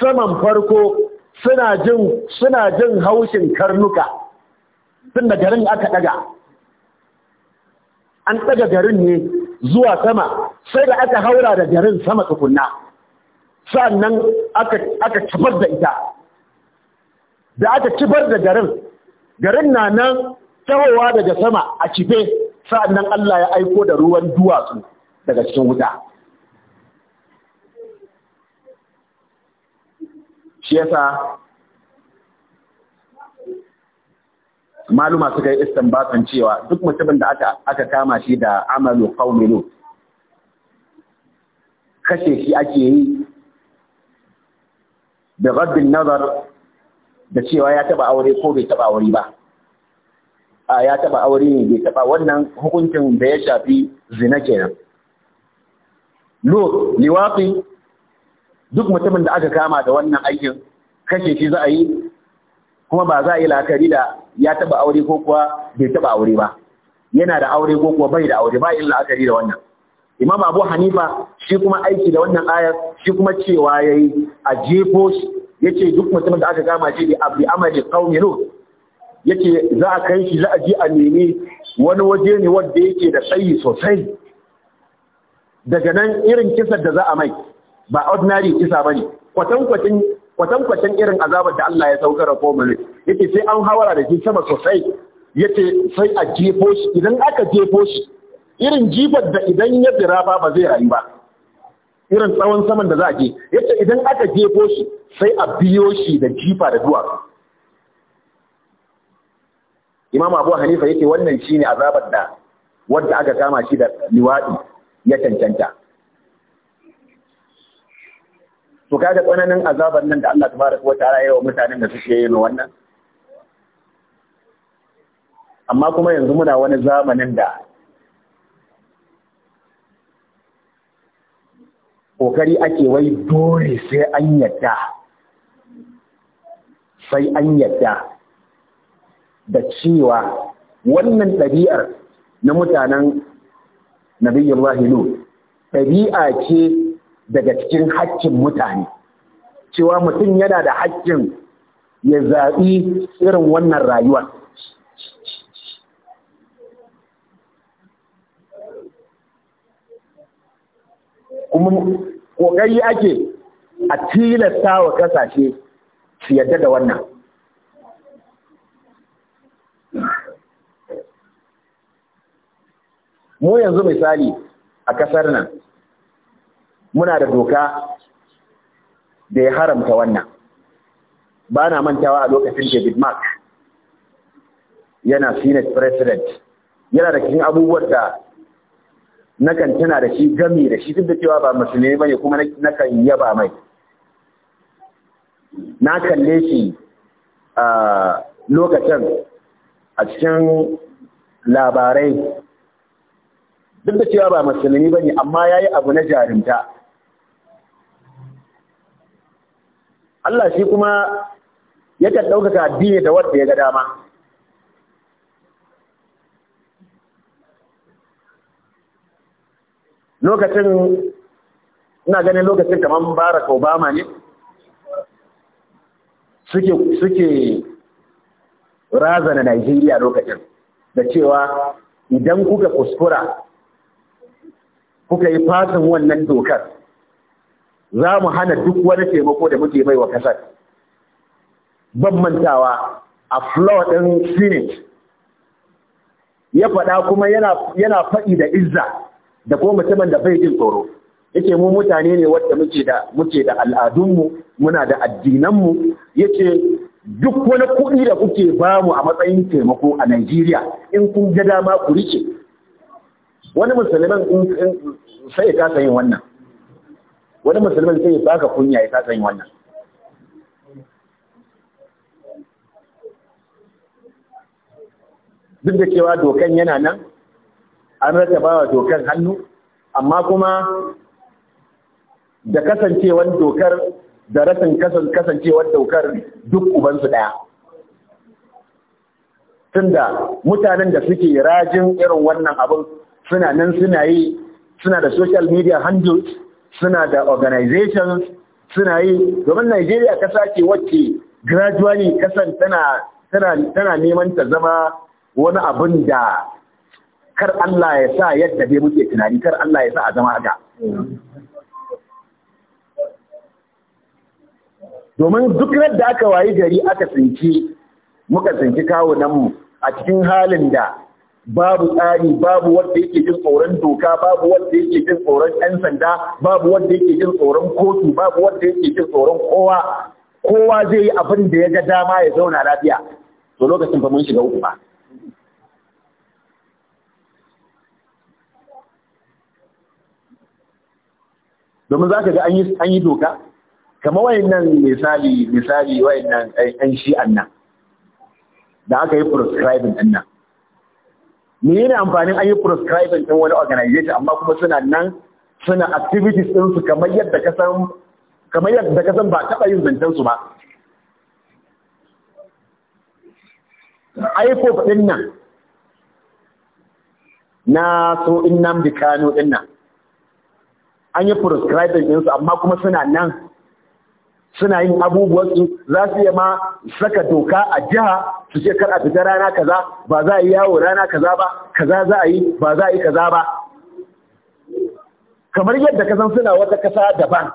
saman farko suna jin haushin karnuka sun da garin aka ɗaga an ɗaga garin ne zuwa sama sai da aka haura da garin sama tukunna sannan aka cibar da ita da aka cibar da garin garin na nan tawowa daga sama a cife nan Allah ya aiko da ruwan duwatsu daga cikin wuta shi yasa maluma suka yi istinbatan cewa duk mutumin da aka kama shi da amalu milu kashe shi ake yi da rabin nazar da cewa ya taba aure ko bai taba aure ba a ya taba aure ne bai taba wannan hukuncin da ya shafi zina kenan lo liwafi duk mutumin da aka kama da wannan aikin kashe shi za a yi kuma ba za a yi la'akari da ya taba aure ko kuwa bai taba aure ba yana da aure ko kuwa bai da aure ba yin la'akari da wannan imam abu hanifa shi kuma aiki da wannan ayar shi kuma cewa yayi a jefo shi yace duk mutumin da aka gama shi da abi amali qaumi ya yace za a kai shi za a je a nemi wani waje ne wanda yake da tsayi sosai daga nan irin kisar da za a mai ba ordinary kisa bane ne kwatankwacin irin azabar da Allah ya saukar ko mu yace sai an hawara da shi sama sosai yace sai a jefo shi idan aka jefo shi irin jifar da idan ya tsira ba ba zai rayu ba irin tsawon saman da za a je yadda idan aka jefo shi sai a biyo shi da jifa da duwatsu imam abu hanifa yake wannan shi ne azabar da wanda aka kama shi da liwaɗi ya cancanta to kaga tsananin azabar nan da Allah tabarak wa ta'ala wa mutanen da suke yin wannan amma kuma yanzu muna wani zamanin da Ƙoƙari ake wai dole sai an yadda sai an yadda da cewa wannan ɗabi'ar na mutanen nabiyyar wahilu ɗabi'a ce daga cikin haƙƙin mutane cewa mutum yana da haƙƙin ya zaɓi irin wannan rayuwar kuma ƙoƙari ake a tilasta wa kasashe su yadda da wannan mu yanzu misali a ƙasar nan muna da doka da ya haramta wannan ba na mantawa a lokacin david mark yana senate president yana da cikin abubuwan da nakan tana da shi gami da shi duk da cewa ba musulmi bane kuma nakan yaba mai na kalle shi a lokacin a cikin labarai duk da cewa ba musulmi bane amma yayi abu na jarumta Allah shi kuma yakan ɗaukaka addini da wanda ya ga dama lokacin ina ganin lokacin kamar Barack Obama ne suke suke razana Najeriya lokacin da cewa idan kuka kuskura kuka yi fasin wannan dokar za mu hana duk wani taimako da muke bai wa kasar ban mantawa a floor ɗin senate ya faɗa kuma yana faɗi da izza da kuma mutumin da bai jin tsoro yace mu mutane ne wanda muke da muke da al'adunmu muna da addinanmu yace duk wani kuɗi da kuke bamu a matsayin taimako a Najeriya in kun ga dama ku rike wani musulman in sai ya kasa yin wannan wani musulman sai ya baka kunya ya kasa yin wannan duk da cewa dokan yana nan an rasa bawa dokar hannu amma kuma da kasancewar dokar da rasin kasancewar dokar duk ubansu ɗaya tunda mutanen da suke rajin irin wannan abin suna nan suna yi suna da social media handles suna da organizations suna yi domin Najeriya kasa ce wacce gradually kasan tana tana neman ta zama wani abin da kar Allah ya sa yadda dai muke tunani kar Allah ya sa a zama haka domin duk da aka wayi gari aka tsinci muka tsinci mu a cikin halin da babu tsari babu wanda yake jin tsoron doka babu wanda yake jin tsoron ɗan sanda babu wanda yake jin tsoron kotu babu wanda yake jin tsoron kowa kowa zai yi abin da ya ga dama ya zauna lafiya to lokacin fa mun shiga uku ba domin za ka ga an yi doka kama nan misali misali wayannan ɗan shi'an nan da aka yi proscribing ɗin nan me yana amfanin an yi proscribing ɗin wani organization amma kuma suna nan suna activities ɗinsu kamar yadda ka san ba taɓa yin zancensu ba IPOP ɗin nan na so in Namdi Kano ɗin nan an yi prescribing ɗinsu amma kuma suna nan suna yin abubuwansu za su yi ma saka doka a jiha su ce kar a fita rana kaza ba za a yi yawo rana kaza ba kaza za a yi ba za a yi kaza ba kamar yadda ka san suna wata kasa daban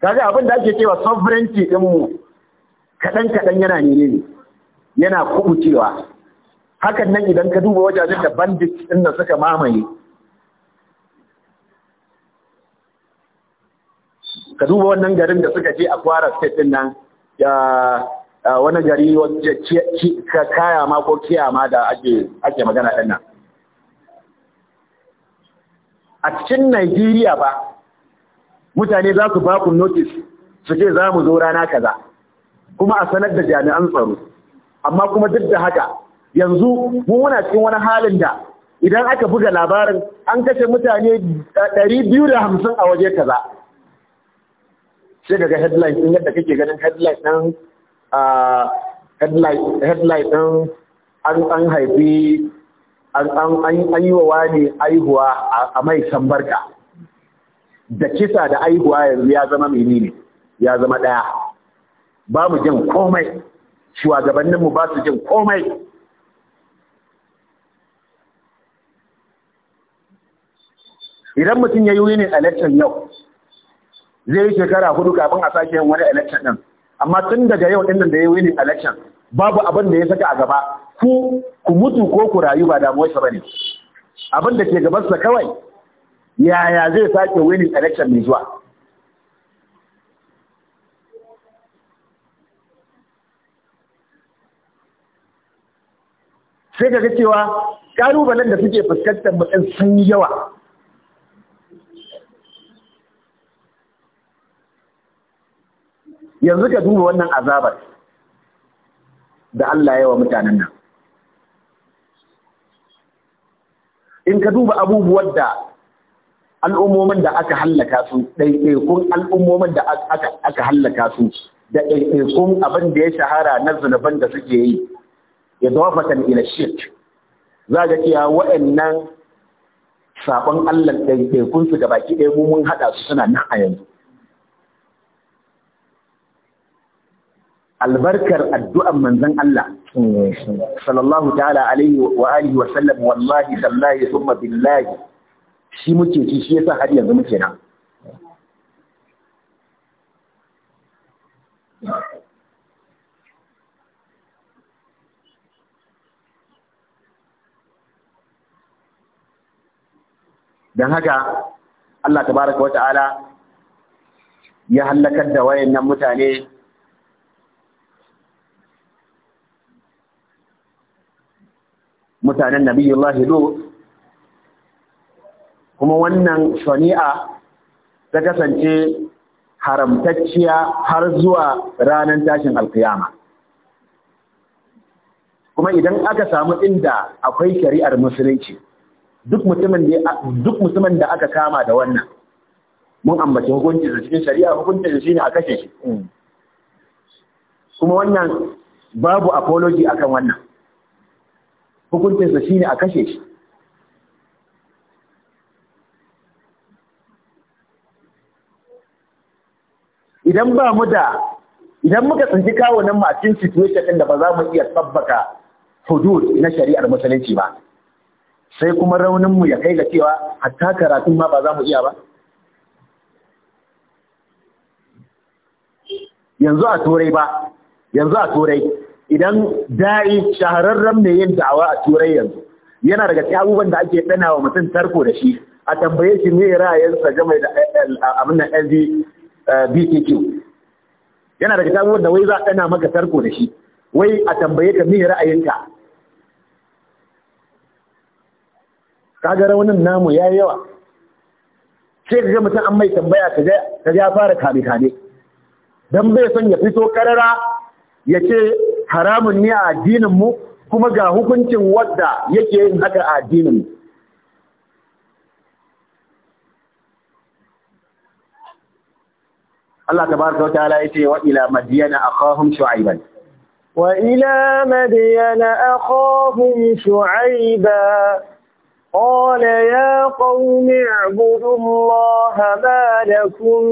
kaga abin da ake cewa sovereignty ɗinmu kaɗan-kaɗan yana ne yana kubucewa hakan nan idan ka duba wajajen da bandit ɗin da suka mamaye ka duba wannan garin da suka je a kwara state ɗin nan ya wani gari wanda ka kaya ma ko kiyama da ake magana ɗin nan a cikin Najeriya ba mutane za su baku notice su ce za mu zo rana kaza kuma a sanar da jami'an tsaro amma kuma duk da haka yanzu mu muna cikin wani halin da idan aka buga labarin an kashe mutane 250 a waje kaza sai daga headline din yadda kake ganin headline din headline din an haifi an yi wa wani aihuwa a mai sambarka da kisa da aihuwa yanzu ya zama menene ya zama ɗaya ba mu jin komai shugabanninmu ba su jin komai idan mutum ya yi winin election yau zai yi shekara hudu kafin a sake yin wani election din amma tun daga yau din da ya yi winin election babu abin da ya saka a gaba ku ku mutu ko ku rayu ba damuwarsa bane abin da ke gabansa kawai yaya zai sake wini election mai zuwa sai ga cewa ƙalubalen da suke fuskantar mutum sun yi yawa yanzu ka duba wannan azabar da Allah ya wa mutanen nan in ka duba abubuwan da al'ummomin da aka hallaka su ɗaiɗaikun al'ummomin da aka hallaka su da ɗaiɗaikun abin da ya shahara na zunuban da suke yi ya zama ila shirk za ga cewa wa’annan sabon Allah kun su gabaki baki ɗaya mun haɗa su suna nan a yanzu albarkar addu'an manzan Allah sallallahu ta'ala alaihi wa alihi wa sallam wallahi sallahi thumma billahi shi muke ci shi yasa har yanzu muke nan don haka Allah tabaraka wa ta'ala ya hallakar da wayannan mutane mutanen nabiyullahi lut kuma wannan shani'a ta kasance haramtacciya har zuwa ranar tashin alkiyama kuma idan aka samu inda akwai shari'ar musulunci duk mutumin da aka kama da wannan mun ambaci hukunci da cikin shari'a hukunci da shi ne a kashe shi mm. kuma wannan babu apology akan wannan hukuncinsa ne a kashe shi idan ba mu da idan muka tsinci kawunan mu a cikin situation ɗin da ba za mu iya tabbaka hudud na shari'ar musulunci ba sai kuma rauninmu ya kai ga cewa hatta karatun ma ba za mu iya ba yanzu a turai ba yanzu a turai idan da'i shahararren mai yin da'awa a turai yanzu yana daga cikin abubuwan da ake dana wa mutum tarko da shi a tambaye shi me ra'ayinsa game da eh, abin nan eh, BTQ yana daga cikin abubuwan da wai za a dana maka tarko da shi wai a tambaye ka me ra'ayinka kaga raunin namu yayi yawa sai ka ga mutum an mai tambaya ka ga fara kame kame dan bai son ya fito karara ya ce haramun ne a addinin mu kuma ga hukuncin wadda yake yin haka a addinin mu Allah tabaraka wa ta'ala yace wa ila madyana akhahum shu'aiban wa ila madyana akhahum shu'aiba قال يا قوم اعبدوا الله ما لكم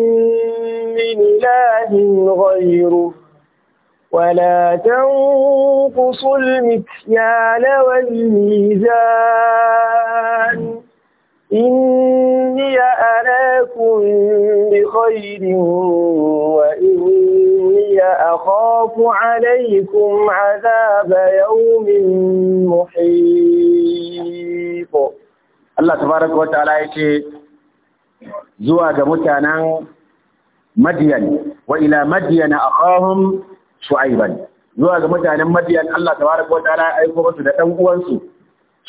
من إله ولا تنقصوا المكيال والميزان إني أراكم بخير وإني أخاف عليكم عذاب يوم محيط الله تبارك وتعالى يتي زواج متانا مدين وإلى مدين أخاهم shu'aiban zuwa ga mutanen madiyan Allah tabaraka wa ta'ala ya aiko musu da dan su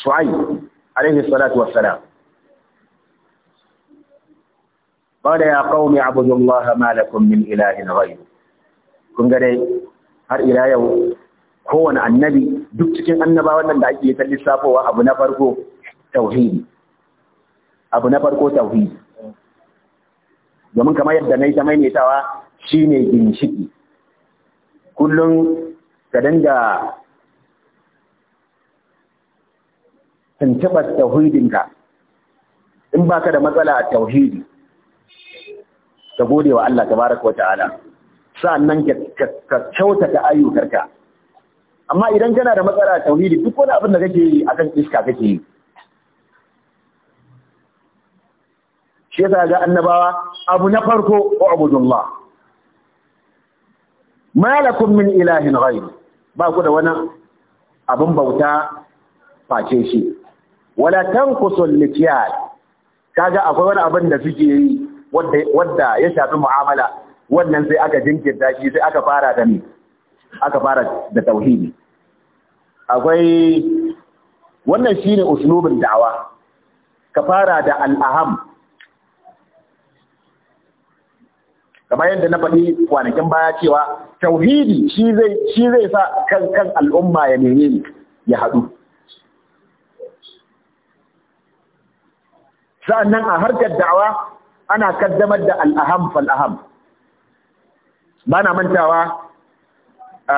shu'aib alaihi salatu wassalam qala ya qaumi abudullaha ma lakum min ilahin ghayr kun ga dai har ila yau kowane annabi duk cikin annabawan nan da ake ta lissafowa abu na farko tauhidi abu na farko tauhidi domin kamar yadda na yi ta maimaitawa shine ginshiki kullum ka dinga tuntuɓar tauhidinka in ba ka da matsala a tauhidi ka gode wa Allah tabaraka wa ta'ala sa'annan ka kyautata ayyukarka amma idan kana da matsala a tauhidi duk wani abin da kake yi akan iska kake yi shi yasa ga annabawa abu na farko wa abudullah malakun min ilahin ghairu ba ku da wani abin bauta face shi wala tanqusul litiyal kaga akwai wani abin da suke yi wadda ya shafi mu'amala wannan sai aka jinkirta shi sai aka fara da ni aka fara da tauhidi akwai wannan shine uslubin da'awa ka fara da al'aham kamar yadda na faɗi kwanakin baya cewa tauhidi shi zai sa kan kan al'umma ya menene ya haɗu sa'annan a harkar da'awa ana kaddamar da al'aham fal aham ba na mantawa a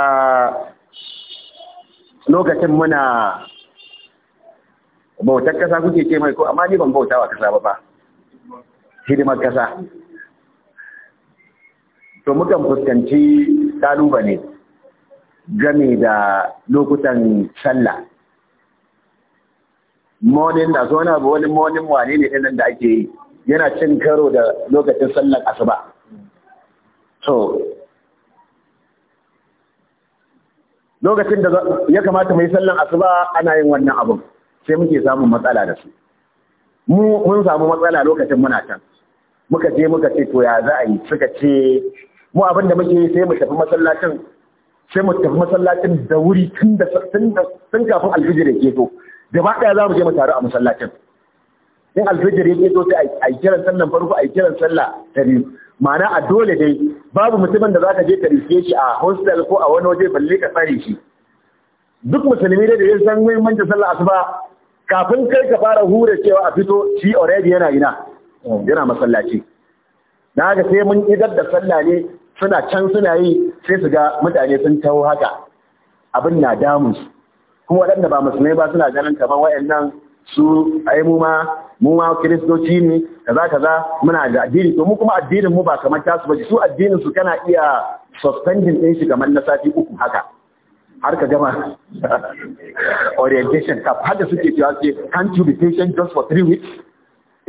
lokacin muna bautar kasa kuke ce mai ko amma ni ban bauta wa kasa ba ba hidimar kasa to mukan fuskanci ne, game da lokutan sallah morning da zona ba wani morning wane ne ɗin da ake yi yana cin karo da lokacin sallar asuba so lokacin da ya kamata mai sallar asuba ana yin wannan abun sai muke samun matsala da su mun samu matsala lokacin muna can muka je muka ce to ya za a yi suka ce mu abin da muke sai mu tafi masallacin sai mu tafi masallacin da wuri tun da tun kafin alfijir ya keto gaba daya za mu je mu taru a masallacin in alfijir ya keto sai a yi kiran sallan farko a yi kiran sallah ta biyu ma'ana a dole dai babu mutumin da zaka je ka rike shi a hostel ko a wani waje balle ka tsare shi duk musulmi dai da ya san muhimmancin sallah asuba kafin kai ka fara hura cewa a fito shi already yana ina yana masallaci na ga sai mun idar da sallah ne suna can suna yi sai su ga mutane sun taho haka abin na damus kuma waɗanda ba musulmai ba suna ganin kamar waɗannan su ai mu ma mu ma kiristoci ne kaza kaza muna da addini to mu kuma addinin mu ba kamar tasu ba su addinin su kana iya suspending din shi kamar na sati uku haka har ka gama orientation cup har da suke cewa ce can't you be patient just for three weeks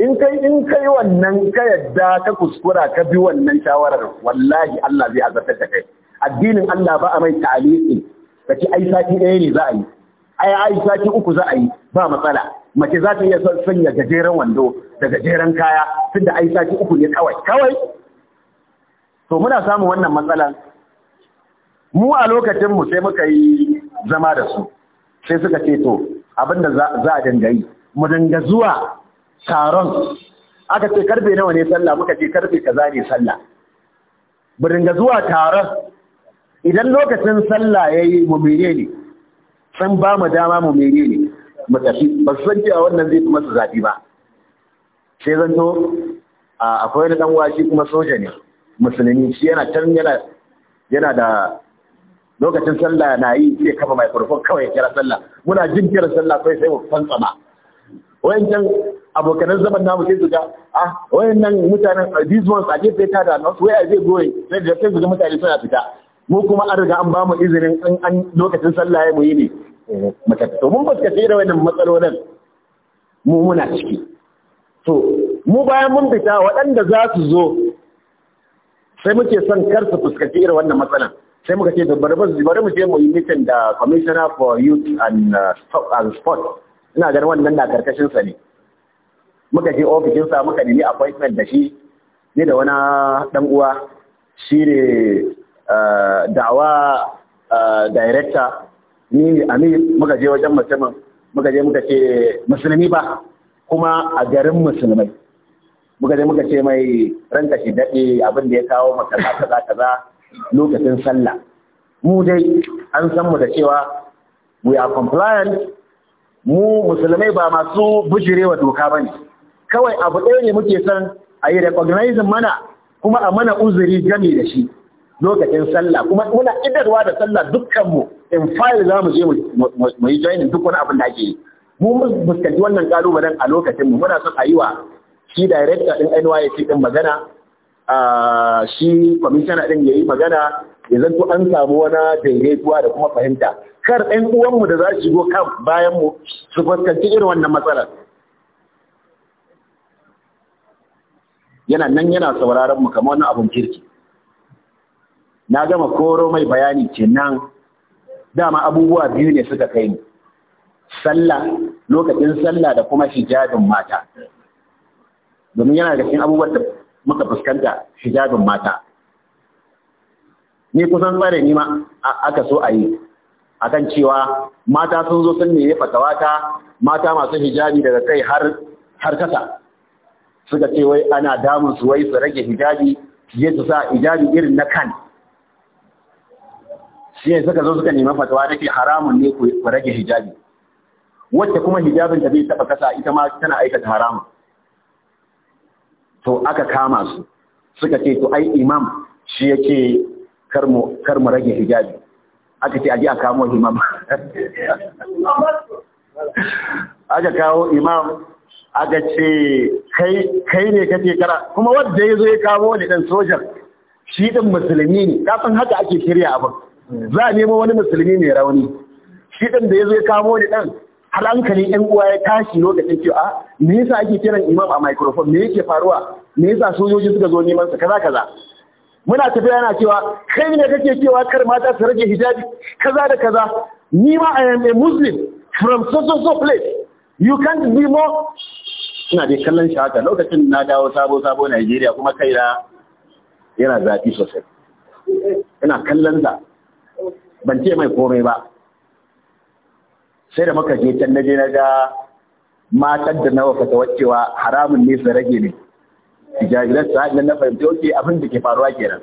in kai in kai wannan ka yadda ka kuskura ka bi wannan shawarar wallahi Allah zai azabtar da kai addinin Allah ba a mai ta'aliki kace ai sati ɗaya ne za a yi ai ai sati uku za a yi ba matsala mace za ta iya sanya gajeren wando da gajeren kaya tunda ai sati uku ne kawai kawai to muna samun wannan matsala. mu a lokacin mu sai muka yi zama da su sai suka ce to abinda za a dinga yi mu dinga zuwa taron aka ce karfe nawa ne sallah muka ce karfe kaza ne sallah Biringa zuwa taron idan lokacin sallah yayi mu menene san ba mu dama mu menene mu tafi ba san cewa wannan zai kuma su zafi ba sai zan to akwai wani dan washi kuma soja ne musulmi shi yana can yana da lokacin sallah na yi sai kafa microphone kawai kira sallah muna jin kira sallah kai sai mu fantsama wayancan abokan zaman namu sai su ga ah wayannan mutanen these ones a gefe ta da not where are they going sai da sai su ga mutane suna fita mu kuma an riga an ba mu izinin an an lokacin sallah ya mu yi ne eh, to mun sai da wannan matsalolin mu muna ciki to mu bayan mun fita waɗanda za su zo sai muke son kar su fuskanci irin wannan matsalan sai muka ce bari mu je mu yi meeting da commissioner for youth and, uh, and sport ina ganin wannan na karkashin sa ne muka je ofishin sa muka nemi appointment da shi ni da wani dan uwa ne eh, da'awa eh, director ni Amir muka je wajen mutumin muka je muka ce musulmi ba kuma a garin musulmai muka je muka ce mai ranka shi daɗe abin da ya kawo maka kaza kaza lokacin sallah mu dai an san mu da cewa we are compliant mu musulmai ba masu bujirewa doka ba ne. kawai abu ɗaya ne muke son a yi recognizing mana kuma a mana uzuri game da shi lokacin sallah kuma muna idarwa da sallah dukkanmu in fayil za mu je mu yi joinin duk wani abin da ake yi mu fuskanci wannan kalubalen a lokacin mu muna son a yi wa shi director din NYC ɗin magana shi commissioner din yi magana ya zanto an samu wani daidaituwa da kuma fahimta kar ɗan uwanmu da za su shigo kan bayanmu su fuskanci irin wannan matsalar yana nan yana sauraron mu kamar wani abun kirki na gama koro mai bayani kenan dama abubuwa biyu ne suka kai ni sallah lokacin sallah da kuma hijabin mata domin yana da cikin abubuwan da muka fuskanta hijabin mata ni kusan tsare ni ma aka so a yi akan cewa mata sun zo sun nemi fatawata mata masu hijabi daga kai har har kasa suka ce wai ana damun su wai su rage hijabi je su sa hijabi irin na kan shi ne suka zo suka nemi fatawa da ke haramun ne ku rage hijabi wacce kuma hijabin ta zai taba kasa ita ma tana aikata haramun to aka kama su suka ce to ai imam shi yake kar mu rage hijabi aka ce aji a kamo imam aka kawo imam aka ce kai ne kake kara kuma wadda ya zo ya kawo wani dan sojan shi ɗin musulmi ne kafin haka ake shirya abin za a nemo wani musulmi mai rauni shi ɗin da ya zo ya kawo wani ɗan har hankalin yan uwa ya tashi lokacin cewa ah, me yasa ake kiran imam a microphone me yake faruwa me yasa sojoji suka zo neman sa kaza kaza muna tafiya yana cewa kai ne kake cewa kar mata su rage hijabi kaza da kaza ni ma i am a muslim from so so so place you can't be more ina dai kallon shi haka lokacin na dawo sabo sabo Najeriya kuma kai da yana zafi sosai ina kallon sa ban ce mai komai ba sai da muka je can naje na ga matar da nawa fata wacewa haramun ne su rage ne tijahilar su haɗin na fahimta yake abin da ke faruwa kenan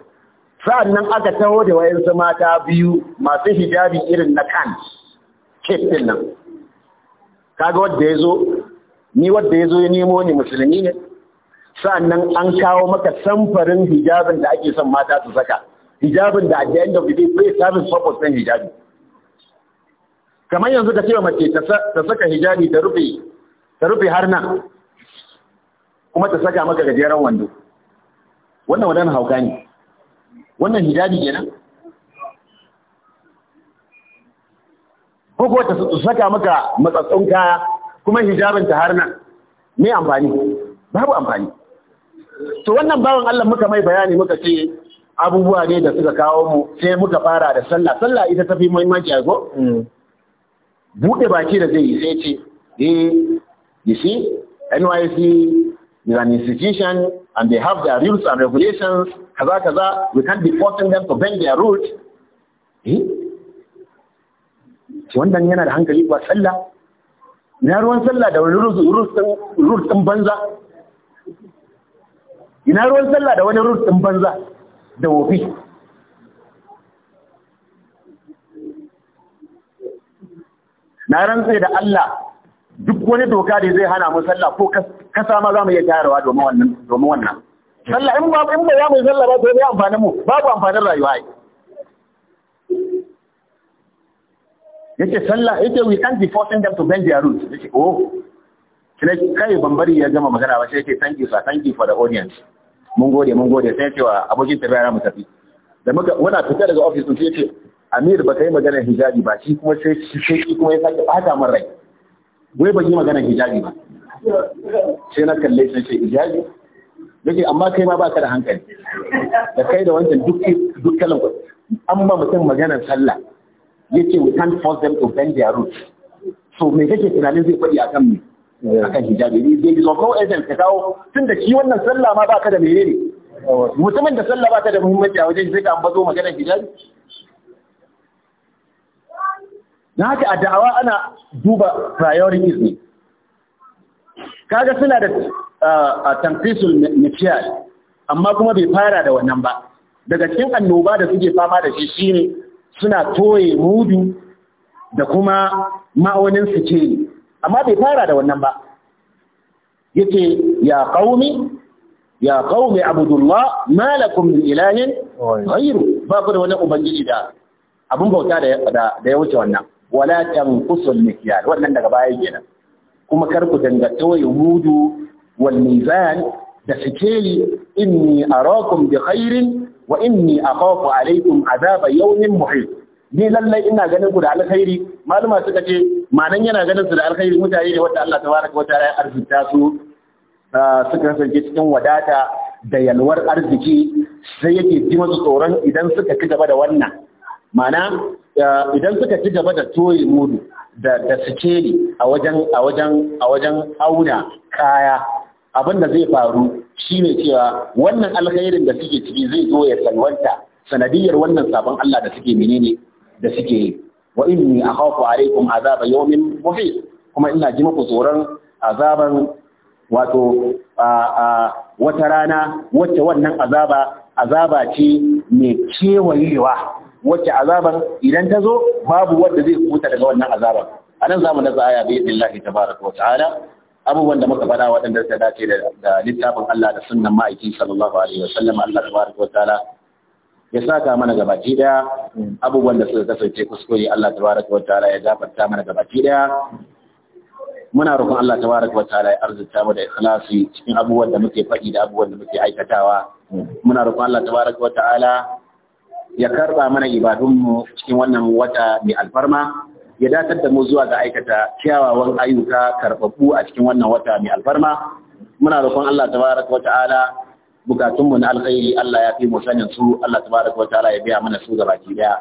sa'an nan aka taho da wayansu mata biyu masu hijabi irin na kan kit din nan kaga wadda ya zo ni wadda ya zo ya nemo ni musulmi ne sa'an nan an kawo maka samfarin hijabin da ake son mata su saka hijabin da at the end of the day bai sabin purpose hijabi kamar yanzu ka ce mace ta saka hijabi ta ta rufe har nan kuma ta saka maka gajeren wando wannan wadan hauka ne wannan hijabi kenan ko kuwa ta saka maka matsatsun kaya kuma hijabin ta har nan me amfani babu amfani to wannan bawan Allah muka mai bayani muka ce abubuwa ne da suka kawo mu sai muka fara da sallah sallah ita tafi muhimmanci a go mm. bude baki da zai yi sai ce eh you see NYC is an institution and they have their rules and regulations, kaza kaza, we can't be forcing them to bend their rules. Eh? Shi wannan yana da hankali ba sallah. Ina ruwan sallah da wani rules ɗin banza. Ina ruwan sallah da wani rules ɗin banza da wofi. Na rantse da Allah duk wani doka da zai hana mu sallah ko kasa ma za mu iya tayarwa domin wannan domin wannan sallah in ba in ba za mu yi sallah ba to bai amfanin mu babu amfanin rayuwa ai yake sallah yake we can't be forcing them to bend their rules yake oh kina kai bambari ya gama magana ba sai yake thank you sir thank you for the audience mun gode mun gode sai cewa abokin tafiya mu tafi da muka muna fita daga office sun sai ce Amir ba kai magana hijabi ba shi kuma sai shi kuma ya sake bata min rai wai ban yi maganar hijabi ba sai na kalle sai ce hijabi yake amma kai ma baka da hankali da kai da wancan duk kalan ku mutum maganar sallah yake we can't force them to bend their roots so me kake tunanin zai faɗi akan me akan hijabi ne zai yi zokau agent ka kawo tun da shi wannan sallah ma baka da menene mutumin da sallah baka da muhimmanci a wajen sai ka ambazo maganar hijabi na haka a da'awa ana duba priorities ne kaga suna da uh, tanfisul nuclear amma kuma bai fara da wannan ba daga cikin annoba da suke fama da shi shine suna toye mudu da kuma ma'aunin sikeli amma bai fara da wannan ba yake ya kaumi ya kaumi abudullah malakum min ilahin ghairu ba ku da wani ubangiji da abun bauta da ya wuce wannan wala kusur mikyal wannan daga baya gina. kuma karku ku danga tawaye wal mizan da sikeli inni rokun bi khairin wa inni a alaykum azaba yaunin muhit ni lallai ina ganin ku da alkhairi maluma suka ce manan yana ganin su da alkhairi mutane ne wanda Allah tabaraka wa ta'ala ya arzuta su suka kasance cikin wadata da yalwar arziki sai yake ji masu tsoron idan suka ci gaba da wannan mana idan suka ci gaba da toye mudu da da ne a wajen a wajen a wajen auna kaya abin da zai faru shine cewa wannan alkhairin da suke ciki zai zo ya salwanta sanadiyar wannan sabon Allah da suke menene da suke yi wa inni akhafu alaikum azaba yawmin muhit kuma ina ji muku tsoron azaban wato a wata rana wacce wannan azaba azaba ce mai kewayewa wacce azaban idan ta zo babu wanda zai kuta daga wannan azaban a nan zamu nasa aya bi billahi tabaraka wa ta'ala abubuwan da muka faɗa waɗanda ta dace da littafin Allah da sunnan ma'aikin sallallahu alaihi wa sallam Allah tabaraka wa ta'ala ya saka mana gabaki daya abubuwan da suka kasance kuskure Allah tabaraka wa ta'ala ya gafarta mana gabaki daya muna roƙon Allah tabaraka wa ta'ala ya arzuta mu da ikhlasi cikin abubuwan da muke faɗi da abubuwan da muke aikatawa muna roƙon Allah tabaraka wa ta'ala ya karba mana ibadunmu cikin wannan wata mai alfarma ya datar da mu zuwa ga aikata kyawawan ayyuka karfafu a cikin wannan wata mai alfarma muna roƙon Allah tabaraka wata'ala bukatunmu na alkhairi Allah ya fi mu sanin su Allah tabaraka wata'ala ya biya mana su gaba daya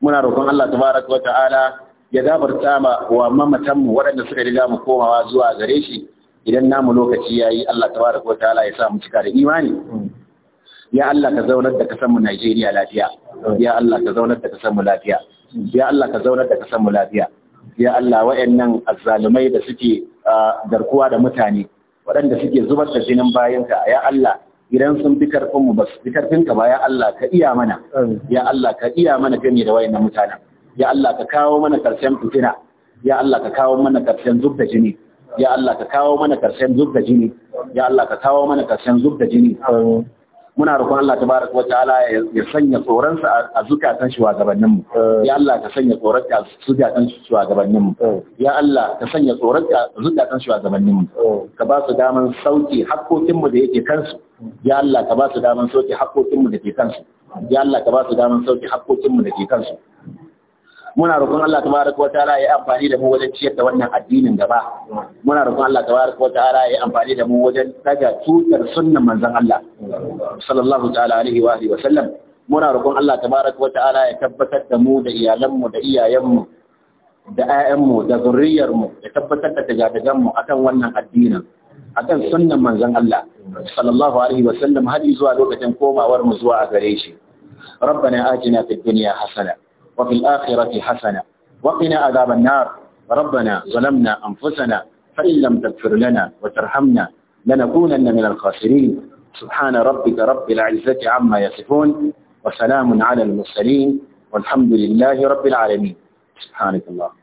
muna roƙon Allah tabaraka wata'ala ya gafarta ma wa mamatanmu waɗanda suka riga mu komawa zuwa gare shi idan namu lokaci yayi Allah tabaraka wata'ala ya sa mu cika da imani ya Allah ka zaunar da kasanmu Najeriya lafiya ya Allah ka zaunar da kasanmu lafiya ya Allah ka zaunar da kasanmu lafiya ya Allah waɗannan azzalumai da suke garkuwa da mutane waɗanda suke zubar da jinin bayanka ya Allah idan sun fi karfin mu ba su fi karfin ka ba ya Allah ka iya mana ya Allah ka iya mana gani da waɗannan mutanen ya Allah ka kawo mana karshen fitina ya Allah ka kawo mana karshen zub da jini ya Allah ka kawo mana karshen zub da jini ya Allah ka kawo mana karshen zub da jini muna rukun Allah ta tabaraka wa ta'ala ya sanya tsoron a zukatan shugabannin mu eh. ya Allah ka sanya tsoron a zukatan shugabannin mu eh. ya Allah ka sanya tsoron a zukatan shugabannin mu eh. ka ba su daman sauki hakkokin mu da yake kansu hmm. ya Allah ka ba su daman sauki hakkokin mu da ke kansu ya Allah ka ba su daman sauki hakkokin mu da ke kansu muna roƙon Allah tabaraka wataala ya amfani da mu wajen ciyar da wannan addinin gaba muna roƙon Allah tabaraka wataala ya amfani da mu wajen daga tutar sunnan manzon Allah sallallahu ta'ala alaihi wa alihi wa sallam muna roƙon Allah tabaraka wataala ya tabbatar da mu da iyalanmu da iyayenmu da ƴaƴanmu da zurriyarmu ya tabbatar da mu akan wannan addinin akan sunnan manzon Allah sallallahu alaihi wa sallam har zuwa lokacin komawar mu zuwa gare shi ربنا آتنا في الدنيا حسنه وفي الآخرة حسنة وقنا عذاب النار ربنا ظلمنا أنفسنا فإن لم تغفر لنا وترحمنا لنكونن من الخاسرين سبحان ربك رب العزة عما يصفون وسلام على المرسلين والحمد لله رب العالمين سبحانك الله